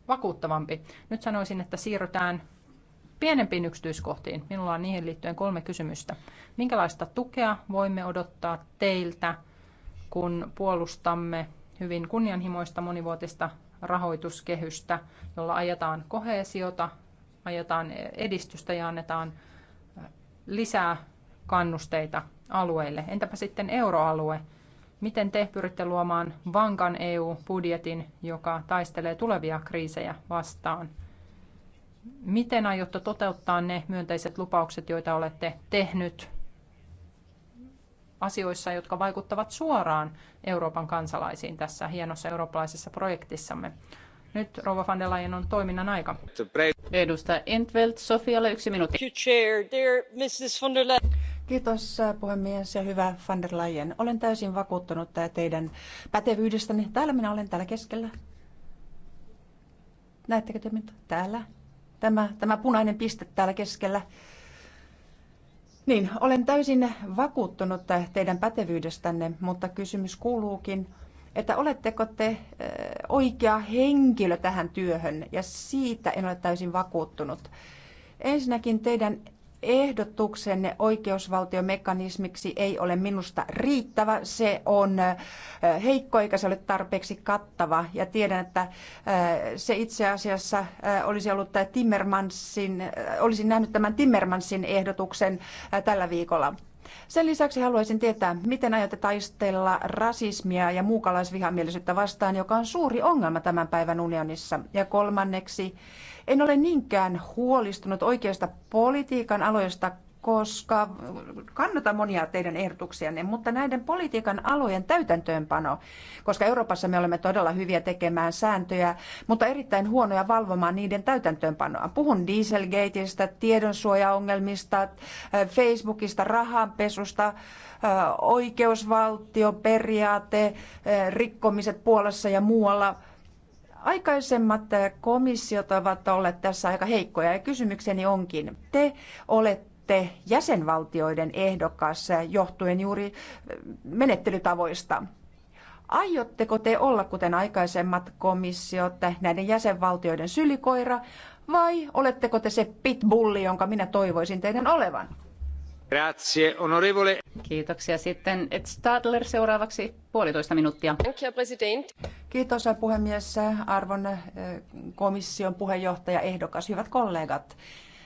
vakuuttavampi. Nyt sanoisin, että siirrytään pienempiin yksityiskohtiin. Minulla on niihin liittyen kolme kysymystä. Minkälaista tukea voimme odottaa teiltä, kun puolustamme hyvin kunnianhimoista monivuotista rahoituskehystä, jolla ajetaan kohesiota, ajetaan edistystä ja annetaan lisää kannusteita alueille. Entäpä sitten euroalue? Miten te pyritte luomaan vankan EU-budjetin, joka taistelee tulevia kriisejä vastaan? Miten aiotte toteuttaa ne myönteiset lupaukset, joita olette tehnyt asioissa, jotka vaikuttavat suoraan Euroopan kansalaisiin tässä hienossa eurooppalaisessa projektissamme? Nyt rouva van der Leyen on toiminnan aika. Edustaja Entveld, Sofialle yksi minuutti. Kiitos äh, puhemies ja hyvä van der Leyen. Olen täysin vakuuttunut äh, teidän pätevyydestänne. Täällä minä olen täällä keskellä. Näettekö te minut? Täällä. Tämä, tämä punainen piste täällä keskellä. Niin, olen täysin vakuuttunut teidän pätevyydestänne, mutta kysymys kuuluukin, että oletteko te oikea henkilö tähän työhön, ja siitä en ole täysin vakuuttunut. Ensinnäkin teidän ehdotuksenne oikeusvaltiomekanismiksi ei ole minusta riittävä. Se on heikko eikä se ole tarpeeksi kattava. Ja tiedän, että se itse asiassa olisi ollut Timmermansin, olisin nähnyt tämän Timmermansin ehdotuksen tällä viikolla. Sen lisäksi haluaisin tietää, miten aiotte taistella rasismia ja muukalaisvihamielisyyttä vastaan, joka on suuri ongelma tämän päivän unionissa. Ja kolmanneksi, en ole niinkään huolistunut oikeasta politiikan aloista, koska kannatan monia teidän ehdotuksianne, mutta näiden politiikan alojen täytäntöönpano, koska Euroopassa me olemme todella hyviä tekemään sääntöjä, mutta erittäin huonoja valvomaan niiden täytäntöönpanoa. Puhun Dieselgateista, tiedonsuojaongelmista, äh, Facebookista, rahanpesusta, äh, oikeusvaltioperiaate, äh, rikkomiset Puolassa ja muualla – Aikaisemmat komissiot ovat olleet tässä aika heikkoja ja kysymykseni onkin, te olette jäsenvaltioiden ehdokas johtuen juuri eh, menettelytavoista. Aiotteko te olla kuten aikaisemmat komissiot näiden jäsenvaltioiden sylikoira vai oletteko te se pitbulli, jonka minä toivoisin teidän olevan? Kiitoksia. Sitten et Stadler seuraavaksi puolitoista minuuttia. Kiitos puhemies, arvon eh, komission puheenjohtaja ehdokas, hyvät kollegat.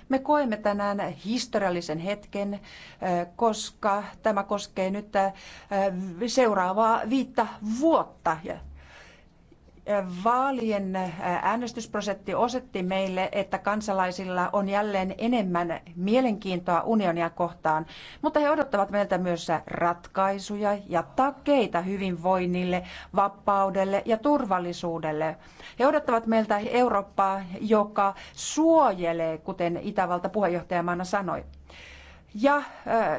Me koemme tänään historiallisen hetken, eh, koska tämä koskee nyt eh, seuraavaa viittä vuotta Vaalien äänestysprosentti osoitti meille, että kansalaisilla on jälleen enemmän mielenkiintoa unionia kohtaan, mutta he odottavat meiltä myös ratkaisuja ja takeita hyvinvoinnille, vapaudelle ja turvallisuudelle. He odottavat meiltä Eurooppaa, joka suojelee, kuten Itävalta puheenjohtajamaana sanoi. Ja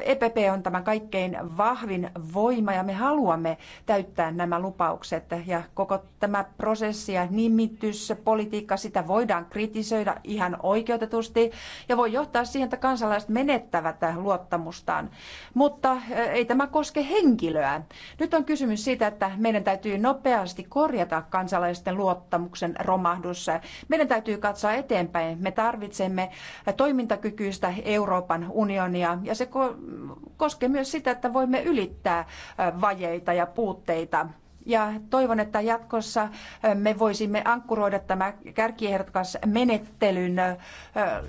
EPP on tämän kaikkein vahvin voima ja me haluamme täyttää nämä lupaukset ja koko tämä prosessi ja nimitys, politiikka, sitä voidaan kritisoida ihan oikeutetusti ja voi johtaa siihen, että kansalaiset menettävät luottamustaan. Mutta ei tämä koske henkilöä. Nyt on kysymys siitä, että meidän täytyy nopeasti korjata kansalaisten luottamuksen romahdussa. Meidän täytyy katsoa eteenpäin. Me tarvitsemme toimintakykyistä Euroopan unionia ongelmia ja se koskee myös sitä, että voimme ylittää vajeita ja puutteita ja toivon, että jatkossa me voisimme ankkuroida tämä kärkiehdokas menettelyn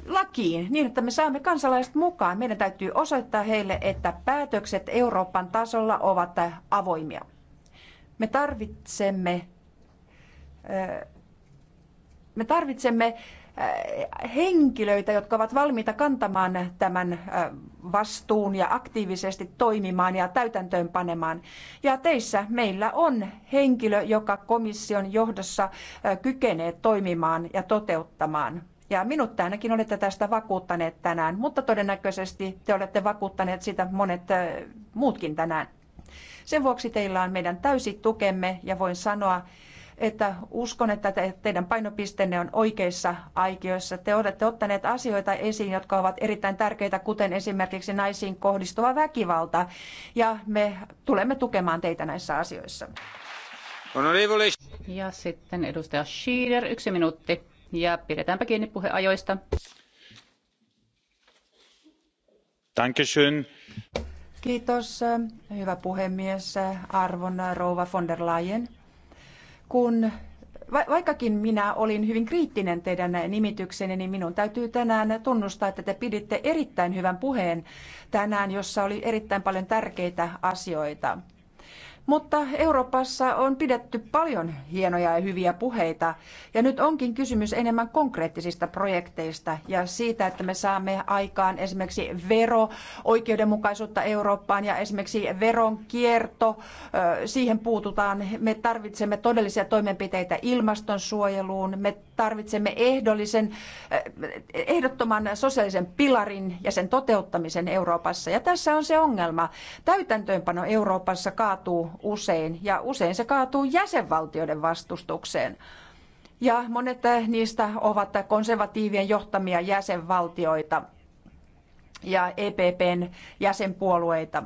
lakiin niin, että me saamme kansalaiset mukaan. Meidän täytyy osoittaa heille, että päätökset Euroopan tasolla ovat avoimia. Me tarvitsemme, me tarvitsemme Äh, henkilöitä, jotka ovat valmiita kantamaan tämän äh, vastuun ja aktiivisesti toimimaan ja täytäntöön panemaan. Ja teissä meillä on henkilö, joka komission johdossa äh, kykenee toimimaan ja toteuttamaan. Ja minut ainakin olette tästä vakuuttaneet tänään, mutta todennäköisesti te olette vakuuttaneet sitä monet muutkin tänään. Sen vuoksi teillä on meidän täysi tukemme ja voin sanoa, että uskon, että teidän painopisteenne on oikeissa aikioissa. Te olette ottaneet asioita esiin, jotka ovat erittäin tärkeitä, kuten esimerkiksi naisiin kohdistuva väkivalta. Ja me tulemme tukemaan teitä näissä asioissa. Ja sitten edustaja Schieder, yksi minuutti. Ja pidetäänpä kiinni puheajoista. Dankeschön. Kiitos, hyvä puhemies, arvon rouva von der Leyen kun vaikkakin minä olin hyvin kriittinen teidän nimityksenne, niin minun täytyy tänään tunnustaa, että te piditte erittäin hyvän puheen tänään, jossa oli erittäin paljon tärkeitä asioita. Mutta Euroopassa on pidetty paljon hienoja ja hyviä puheita ja nyt onkin kysymys enemmän konkreettisista projekteista ja siitä, että me saamme aikaan esimerkiksi vero, oikeudenmukaisuutta Eurooppaan ja esimerkiksi veronkierto, siihen puututaan. Me tarvitsemme todellisia toimenpiteitä ilmastonsuojeluun, me tarvitsemme ehdollisen, ehdottoman sosiaalisen pilarin ja sen toteuttamisen Euroopassa. Ja tässä on se ongelma. Täytäntöönpano Euroopassa kaatuu usein, ja usein se kaatuu jäsenvaltioiden vastustukseen. Ja monet niistä ovat konservatiivien johtamia jäsenvaltioita ja EPPn jäsenpuolueita.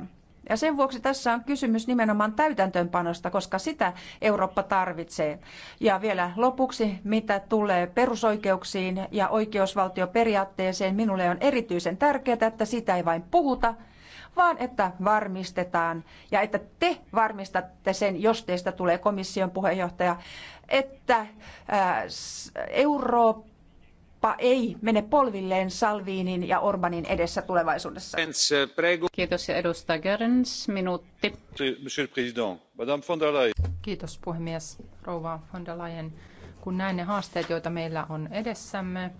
Ja sen vuoksi tässä on kysymys nimenomaan täytäntöönpanosta, koska sitä Eurooppa tarvitsee. Ja vielä lopuksi, mitä tulee perusoikeuksiin ja oikeusvaltioperiaatteeseen, minulle on erityisen tärkeää, että sitä ei vain puhuta, vaan että varmistetaan ja että te varmistatte sen, jos teistä tulee komission puheenjohtaja, että Eurooppa ei mene polvilleen Salviinin ja Orbanin edessä tulevaisuudessa. Kiitos ja edustaja minuutti. Kiitos puhemies, rouva von der Leyen. Kun näen ne haasteet, joita meillä on edessämme,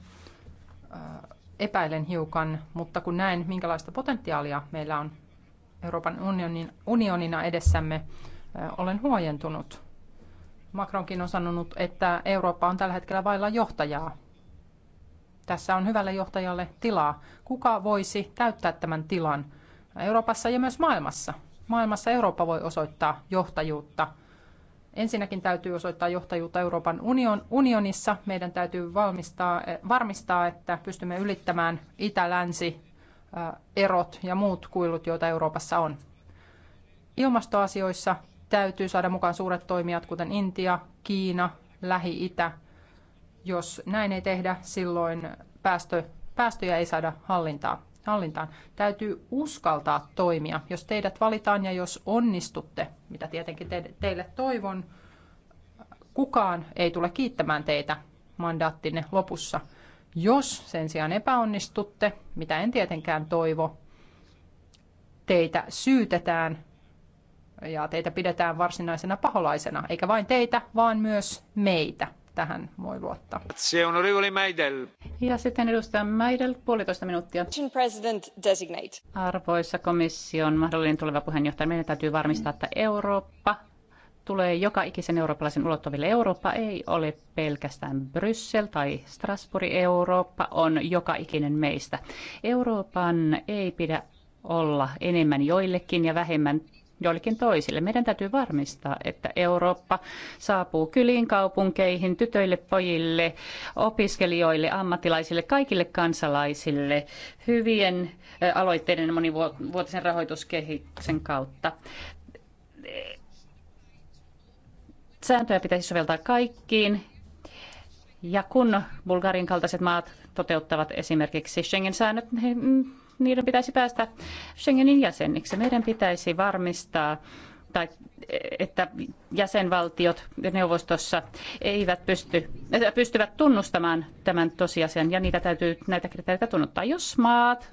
epäilen hiukan, mutta kun näen, minkälaista potentiaalia meillä on Euroopan unionin, unionina edessämme, olen huojentunut. Macronkin on sanonut, että Eurooppa on tällä hetkellä vailla johtajaa. Tässä on hyvälle johtajalle tilaa. Kuka voisi täyttää tämän tilan Euroopassa ja myös maailmassa? Maailmassa Eurooppa voi osoittaa johtajuutta – Ensinnäkin täytyy osoittaa johtajuutta Euroopan union, unionissa. Meidän täytyy valmistaa, eh, varmistaa, että pystymme ylittämään itä-länsi eh, erot ja muut kuilut, joita Euroopassa on. Ilmastoasioissa täytyy saada mukaan suuret toimijat, kuten Intia, Kiina, Lähi-Itä. Jos näin ei tehdä, silloin päästö, päästöjä ei saada hallintaa hallintaan. Täytyy uskaltaa toimia. Jos teidät valitaan ja jos onnistutte, mitä tietenkin teille toivon, kukaan ei tule kiittämään teitä mandaattinne lopussa. Jos sen sijaan epäonnistutte, mitä en tietenkään toivo, teitä syytetään ja teitä pidetään varsinaisena paholaisena, eikä vain teitä, vaan myös meitä tähän voi luottaa. Se on Ja sitten edustaja Meidel, puolitoista minuuttia. Arvoisa komission mahdollinen tuleva puheenjohtaja, meidän täytyy varmistaa, että Eurooppa tulee joka ikisen eurooppalaisen ulottuville. Eurooppa ei ole pelkästään Bryssel tai Strasbourg. Eurooppa on joka ikinen meistä. Euroopan ei pidä olla enemmän joillekin ja vähemmän joillekin toisille. Meidän täytyy varmistaa, että Eurooppa saapuu kyliin, kaupunkeihin, tytöille, pojille, opiskelijoille, ammattilaisille, kaikille kansalaisille hyvien aloitteiden ja monivuotisen rahoituskehityksen kautta sääntöjä pitäisi soveltaa kaikkiin. Ja kun Bulgarin kaltaiset maat toteuttavat esimerkiksi Schengen-säännöt, niin niiden pitäisi päästä Schengenin jäseniksi. Meidän pitäisi varmistaa, tai, että jäsenvaltiot neuvostossa eivät pysty, äh, pystyvät tunnustamaan tämän tosiasian, ja niitä täytyy, näitä kriteereitä tunnustaa. Jos maat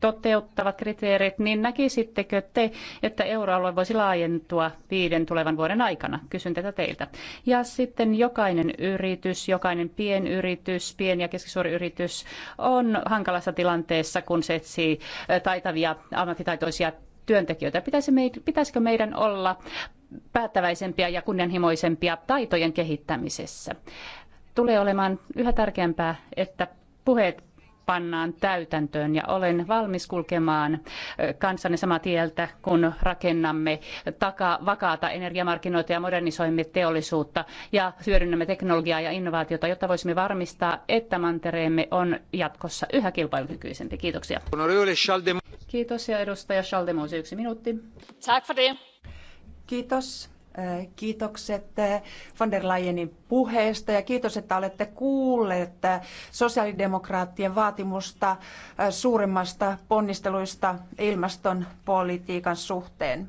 toteuttavat kriteerit, niin näkisittekö te, että euroalue voisi laajentua viiden tulevan vuoden aikana? Kysyn tätä teiltä. Ja sitten jokainen yritys, jokainen pienyritys, pien- ja keskisuuri yritys on hankalassa tilanteessa, kun se etsii eh, taitavia ammattitaitoisia työntekijöitä. pitäisikö meidän olla päättäväisempiä ja kunnianhimoisempia taitojen kehittämisessä? Tulee olemaan yhä tärkeämpää, että puheet pannaan täytäntöön ja olen valmis kulkemaan kanssanne samaa tieltä, kun rakennamme takaa vakaata energiamarkkinoita ja modernisoimme teollisuutta ja hyödynnämme teknologiaa ja innovaatiota, jotta voisimme varmistaa, että mantereemme on jatkossa yhä kilpailukykyisempi. Kiitoksia. Kiitos ja edustaja Schaldemose yksi minuutti. Tack för det. Kiitos. Kiitokset eh, von der Leyenin puheesta ja kiitos, että olette kuulleet eh, sosiaalidemokraattien vaatimusta eh, suuremmasta ponnisteluista ilmastonpolitiikan suhteen.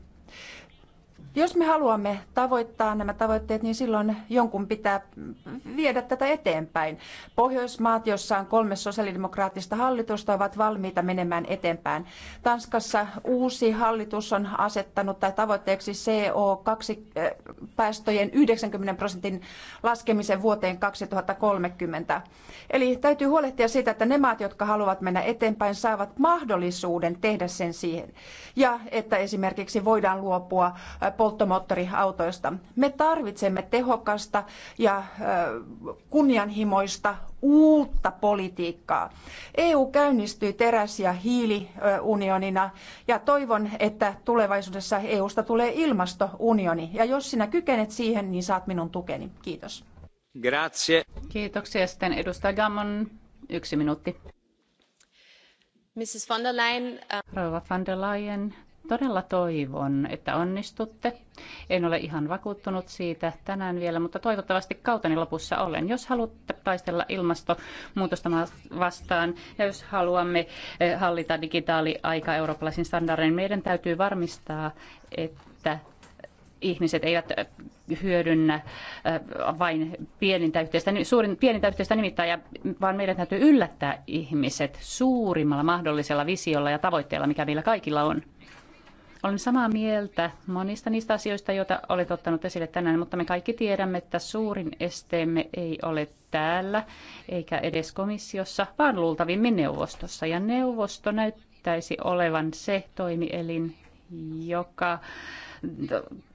Jos me haluamme tavoittaa nämä tavoitteet, niin silloin jonkun pitää viedä tätä eteenpäin. Pohjoismaat, jossa on kolme sosiaalidemokraattista hallitusta, ovat valmiita menemään eteenpäin. Tanskassa uusi hallitus on asettanut tai tavoitteeksi CO2-päästöjen eh, 90 prosentin laskemisen vuoteen 2030. Eli täytyy huolehtia siitä, että ne maat, jotka haluavat mennä eteenpäin, saavat mahdollisuuden tehdä sen siihen. Ja että esimerkiksi voidaan luopua polttomoottoriautoista. Me tarvitsemme tehokasta ja kunnianhimoista uutta politiikkaa. EU käynnistyy teräs- ja hiiliunionina ja toivon, että tulevaisuudessa EUsta tulee ilmastounioni. Ja jos sinä kykenet siihen, niin saat minun tukeni. Kiitos. Grazie. Kiitoksia. Sitten edustaja Gammon. Yksi minuutti. Mrs. Von der Leyen, uh... Rouva der Leyen, Todella toivon, että onnistutte. En ole ihan vakuuttunut siitä tänään vielä, mutta toivottavasti kauteni lopussa olen. Jos haluatte taistella ilmastonmuutosta vastaan ja jos haluamme eh, hallita digitaaliaika eurooppalaisin standardein, meidän täytyy varmistaa, että ihmiset eivät eh, hyödynnä eh, vain pienintä yhteistä, suurin, pienintä yhteistä nimittäin, vaan meidän täytyy yllättää ihmiset suurimmalla mahdollisella visiolla ja tavoitteella, mikä meillä kaikilla on. Olen samaa mieltä monista niistä asioista, joita olet ottanut esille tänään, mutta me kaikki tiedämme, että suurin esteemme ei ole täällä eikä edes komissiossa, vaan luultavimmin neuvostossa. Ja neuvosto näyttäisi olevan se toimielin, joka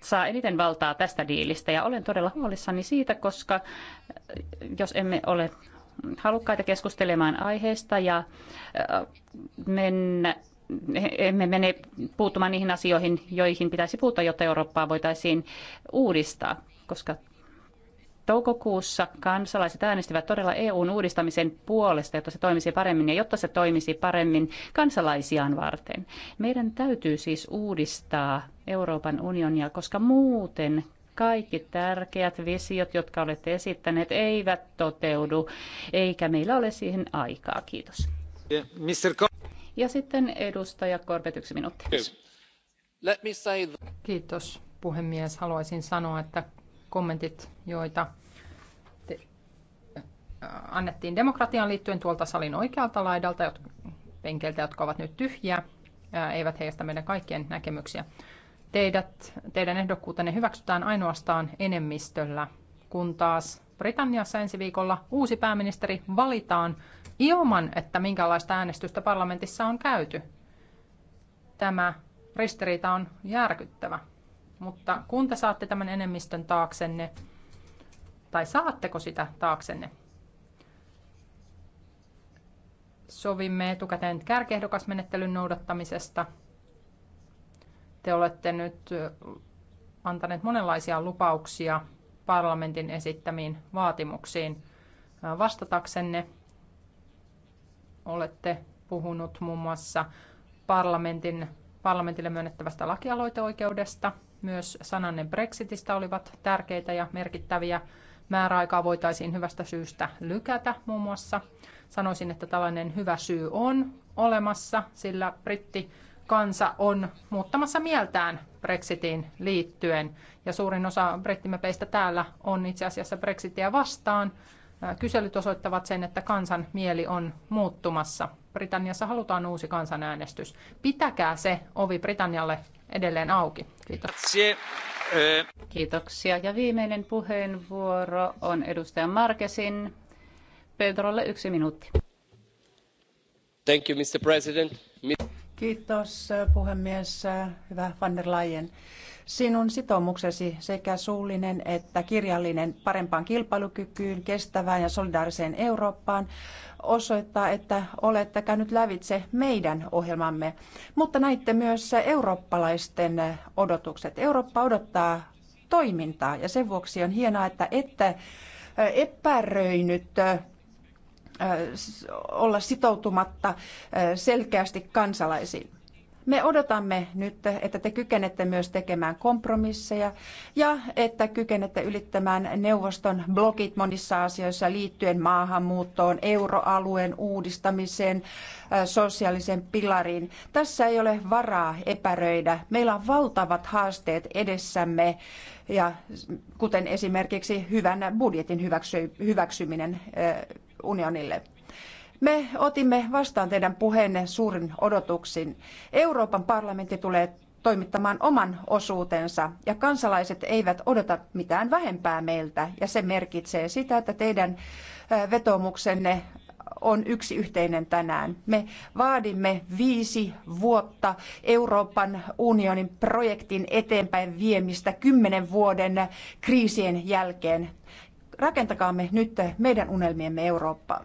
saa eniten valtaa tästä diilistä. Ja olen todella huolissani siitä, koska jos emme ole halukkaita keskustelemaan aiheesta ja mennä emme mene puuttumaan niihin asioihin, joihin pitäisi puuttua, jotta Eurooppaa voitaisiin uudistaa, koska toukokuussa kansalaiset äänestivät todella EUn uudistamisen puolesta, jotta se toimisi paremmin ja jotta se toimisi paremmin kansalaisiaan varten. Meidän täytyy siis uudistaa Euroopan unionia, koska muuten kaikki tärkeät visiot, jotka olette esittäneet, eivät toteudu, eikä meillä ole siihen aikaa. Kiitos. Mr. Ja sitten edustaja Korbet, yksi minuutti. Kiitos puhemies. Haluaisin sanoa, että kommentit, joita te, äh, annettiin demokratiaan liittyen tuolta salin oikealta laidalta, penkeiltä, jotka ovat nyt tyhjiä, äh, eivät heistä meidän kaikkien näkemyksiä. Teidät, teidän ehdokkuutenne hyväksytään ainoastaan enemmistöllä, kun taas Britanniassa ensi viikolla uusi pääministeri valitaan ilman, että minkälaista äänestystä parlamentissa on käyty. Tämä ristiriita on järkyttävä. Mutta kun te saatte tämän enemmistön taaksenne, tai saatteko sitä taaksenne, sovimme etukäteen kärkehdokasmenettelyn noudattamisesta. Te olette nyt antaneet monenlaisia lupauksia parlamentin esittämiin vaatimuksiin vastataksenne. Olette puhunut muun muassa parlamentin, parlamentille myönnettävästä lakialoiteoikeudesta. Myös sananne Brexitistä olivat tärkeitä ja merkittäviä. Määräaikaa voitaisiin hyvästä syystä lykätä muun muassa. Sanoisin, että tällainen hyvä syy on olemassa, sillä britti kansa on muuttamassa mieltään Brexitiin liittyen. Ja suurin osa brittimepeistä täällä on itse asiassa Brexitiä vastaan. Kyselyt osoittavat sen, että kansan mieli on muuttumassa. Britanniassa halutaan uusi kansanäänestys. Pitäkää se ovi Britannialle edelleen auki. Kiitoksia. Ja viimeinen puheenvuoro on edustaja Markesin. Pedrolle yksi minuutti. Thank you, Mr. President Kiitos puhemies, hyvä van der Leyen. Sinun sitoumuksesi sekä suullinen että kirjallinen parempaan kilpailukykyyn, kestävään ja solidaariseen Eurooppaan osoittaa, että olette käynyt lävitse meidän ohjelmamme, mutta näitte myös eurooppalaisten odotukset. Eurooppa odottaa toimintaa ja sen vuoksi on hienoa, että ette epäröinyt Äh, olla sitoutumatta äh, selkeästi kansalaisiin. Me odotamme nyt, että te kykenette myös tekemään kompromisseja ja että kykenette ylittämään neuvoston blokit monissa asioissa liittyen maahanmuuttoon, euroalueen uudistamiseen, äh, sosiaalisen pilariin. Tässä ei ole varaa epäröidä. Meillä on valtavat haasteet edessämme, ja kuten esimerkiksi hyvän budjetin hyväksy, hyväksyminen unionille. Me otimme vastaan teidän puheenne suurin odotuksin. Euroopan parlamentti tulee toimittamaan oman osuutensa ja kansalaiset eivät odota mitään vähempää meiltä ja se merkitsee sitä, että teidän vetomuksenne on yksi yhteinen tänään. Me vaadimme viisi vuotta Euroopan unionin projektin eteenpäin viemistä kymmenen vuoden kriisien jälkeen. Rakentakaamme nyt meidän unelmiemme Eurooppaa.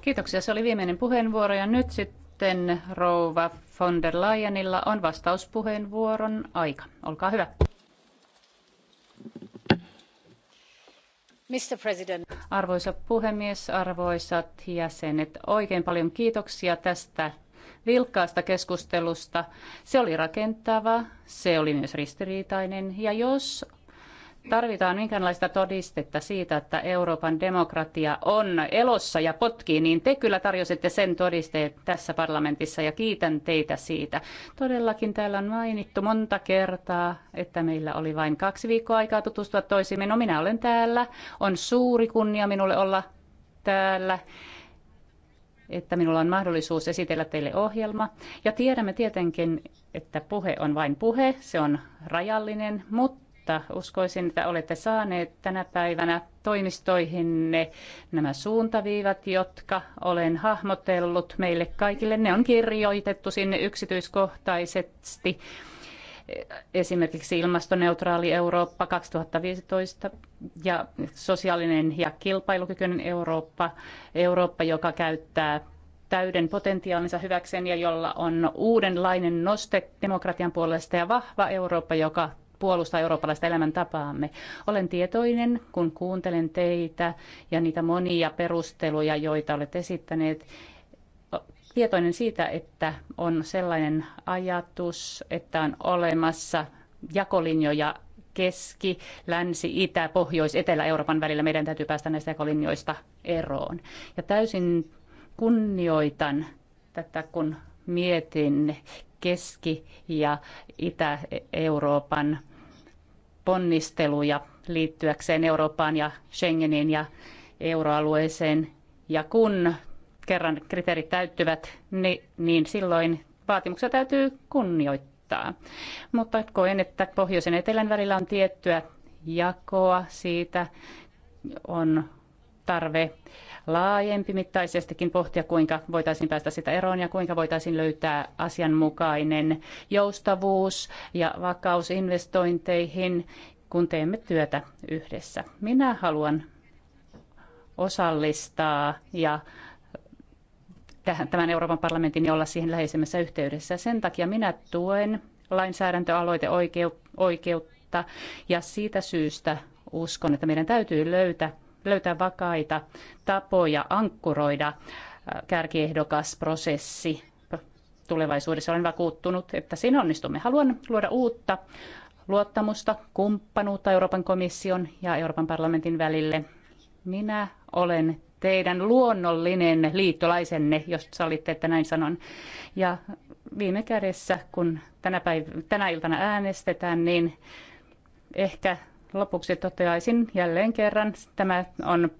Kiitoksia, se oli viimeinen puheenvuoro ja nyt sitten rouva von der Leyenilla on vastauspuheenvuoron aika. Olkaa hyvä. Arvoisa puhemies, arvoisat jäsenet, oikein paljon kiitoksia tästä vilkkaasta keskustelusta. Se oli rakentava, se oli myös ristiriitainen ja jos tarvitaan minkäänlaista todistetta siitä, että Euroopan demokratia on elossa ja potkii, niin te kyllä tarjositte sen todisteet tässä parlamentissa ja kiitän teitä siitä. Todellakin täällä on mainittu monta kertaa, että meillä oli vain kaksi viikkoa aikaa tutustua toisiimme. No minä olen täällä. On suuri kunnia minulle olla täällä että minulla on mahdollisuus esitellä teille ohjelma. Ja tiedämme tietenkin, että puhe on vain puhe, se on rajallinen, mutta mutta uskoisin, että olette saaneet tänä päivänä toimistoihinne nämä suuntaviivat, jotka olen hahmotellut meille kaikille. Ne on kirjoitettu sinne yksityiskohtaisesti esimerkiksi ilmastoneutraali Eurooppa 2015 ja sosiaalinen ja kilpailukykyinen Eurooppa, Eurooppa, joka käyttää täyden potentiaalinsa hyväkseen ja jolla on uudenlainen noste demokratian puolesta ja vahva Eurooppa, joka puolustaa eurooppalaista elämäntapaamme. Olen tietoinen, kun kuuntelen teitä ja niitä monia perusteluja, joita olette esittäneet, tietoinen siitä, että on sellainen ajatus, että on olemassa jakolinjoja keski, länsi, itä, pohjois, etelä-Euroopan välillä. Meidän täytyy päästä näistä jakolinjoista eroon. Ja täysin kunnioitan tätä, kun mietin keski- ja itä-Euroopan ponnisteluja liittyäkseen Eurooppaan ja Schengeniin ja euroalueeseen. Ja kun kerran kriteerit täyttyvät, niin, niin silloin vaatimuksia täytyy kunnioittaa. Mutta koen, että pohjoisen ja etelän välillä on tiettyä jakoa siitä, on tarve laajempi mittaisestikin pohtia, kuinka voitaisiin päästä sitä eroon ja kuinka voitaisiin löytää asianmukainen joustavuus ja vakaus investointeihin, kun teemme työtä yhdessä. Minä haluan osallistaa ja tämän Euroopan parlamentin olla siihen läheisemmässä yhteydessä. Sen takia minä tuen oikeutta ja siitä syystä uskon, että meidän täytyy löytää löytää vakaita tapoja ankkuroida äh, kärkiehdokasprosessi tulevaisuudessa. Olen vakuuttunut, että siinä onnistumme. Haluan luoda uutta luottamusta, kumppanuutta Euroopan komission ja Euroopan parlamentin välille. Minä olen teidän luonnollinen liittolaisenne, jos sallitte, että näin sanon. Ja viime kädessä, kun tänä, päiv- tänä iltana äänestetään, niin ehkä Lopuksi toteaisin jälleen kerran, tämä on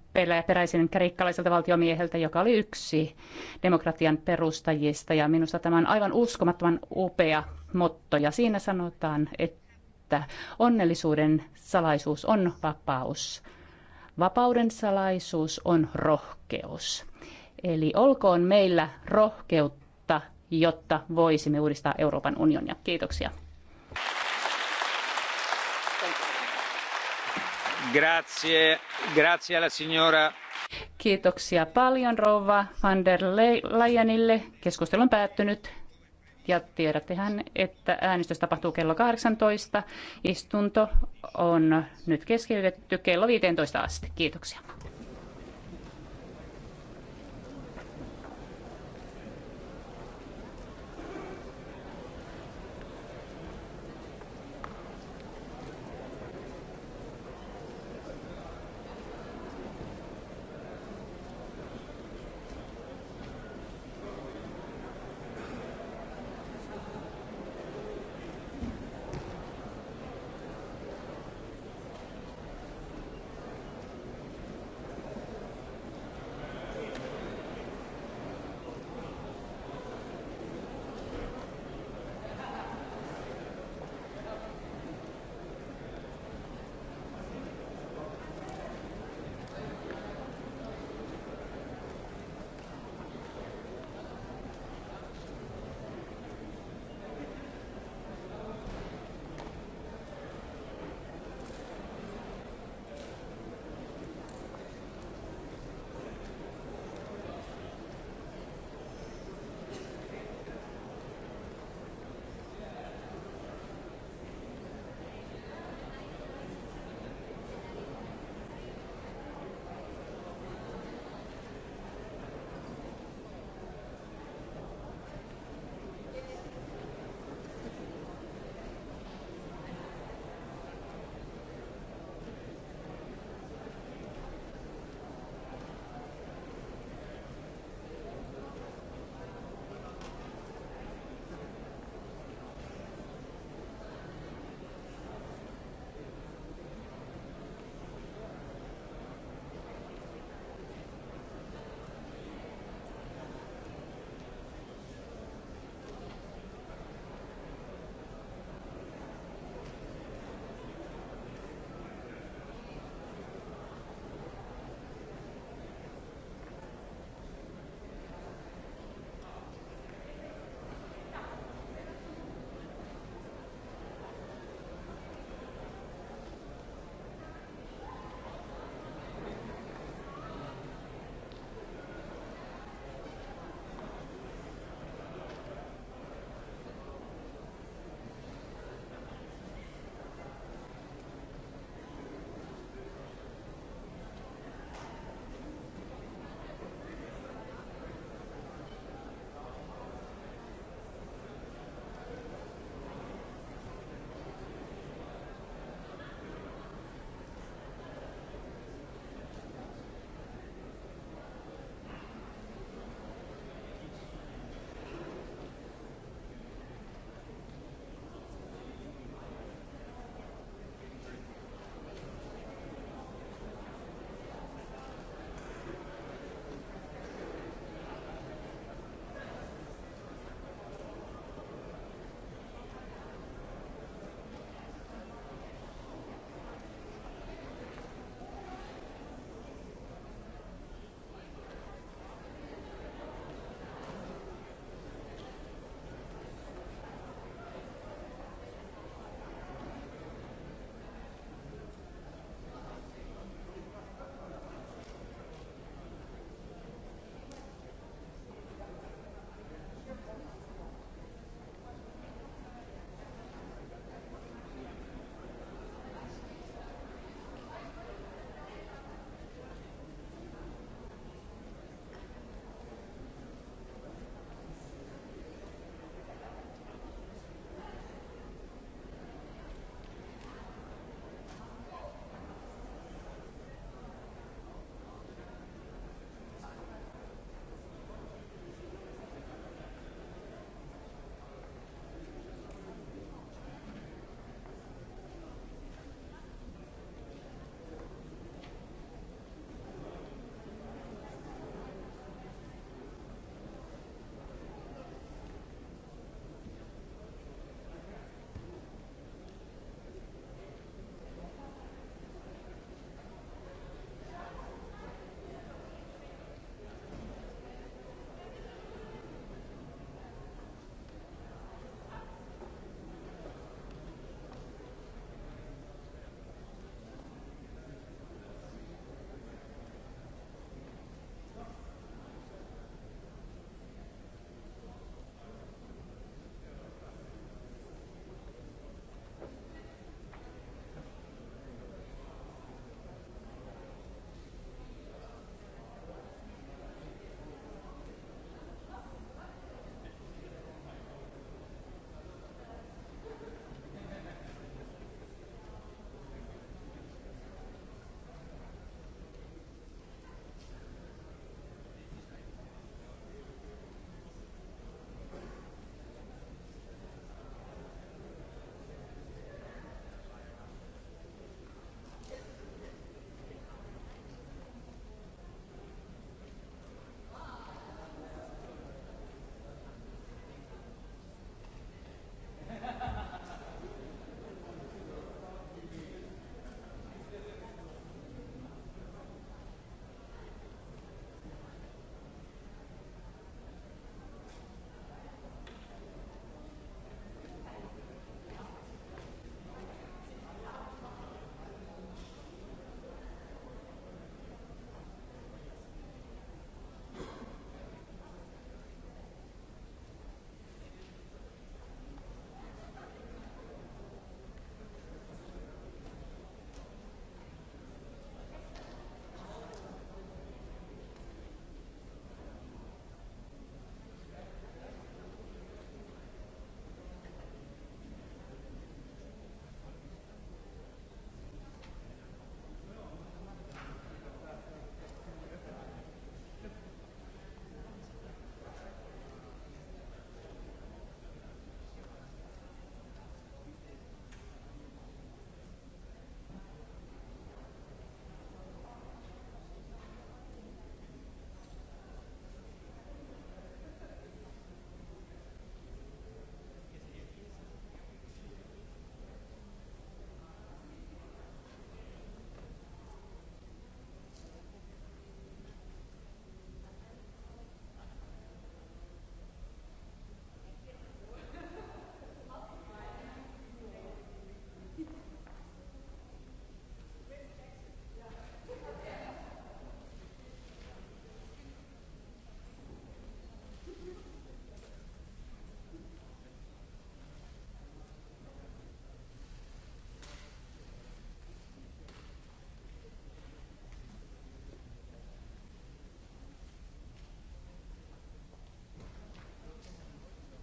peräisin kreikkalaiselta valtiomieheltä, joka oli yksi demokratian perustajista. Ja minusta tämä on aivan uskomattoman upea motto. Ja siinä sanotaan, että onnellisuuden salaisuus on vapaus. Vapauden salaisuus on rohkeus. Eli olkoon meillä rohkeutta, jotta voisimme uudistaa Euroopan unionia. Kiitoksia. Grazie, grazie alla signora. Kiitoksia paljon rouva van der Leyenille. Keskustelu on päättynyt. Ja tiedättehän, että äänestys tapahtuu kello 18. Istunto on nyt keskeytetty kello 15 asti. Kiitoksia.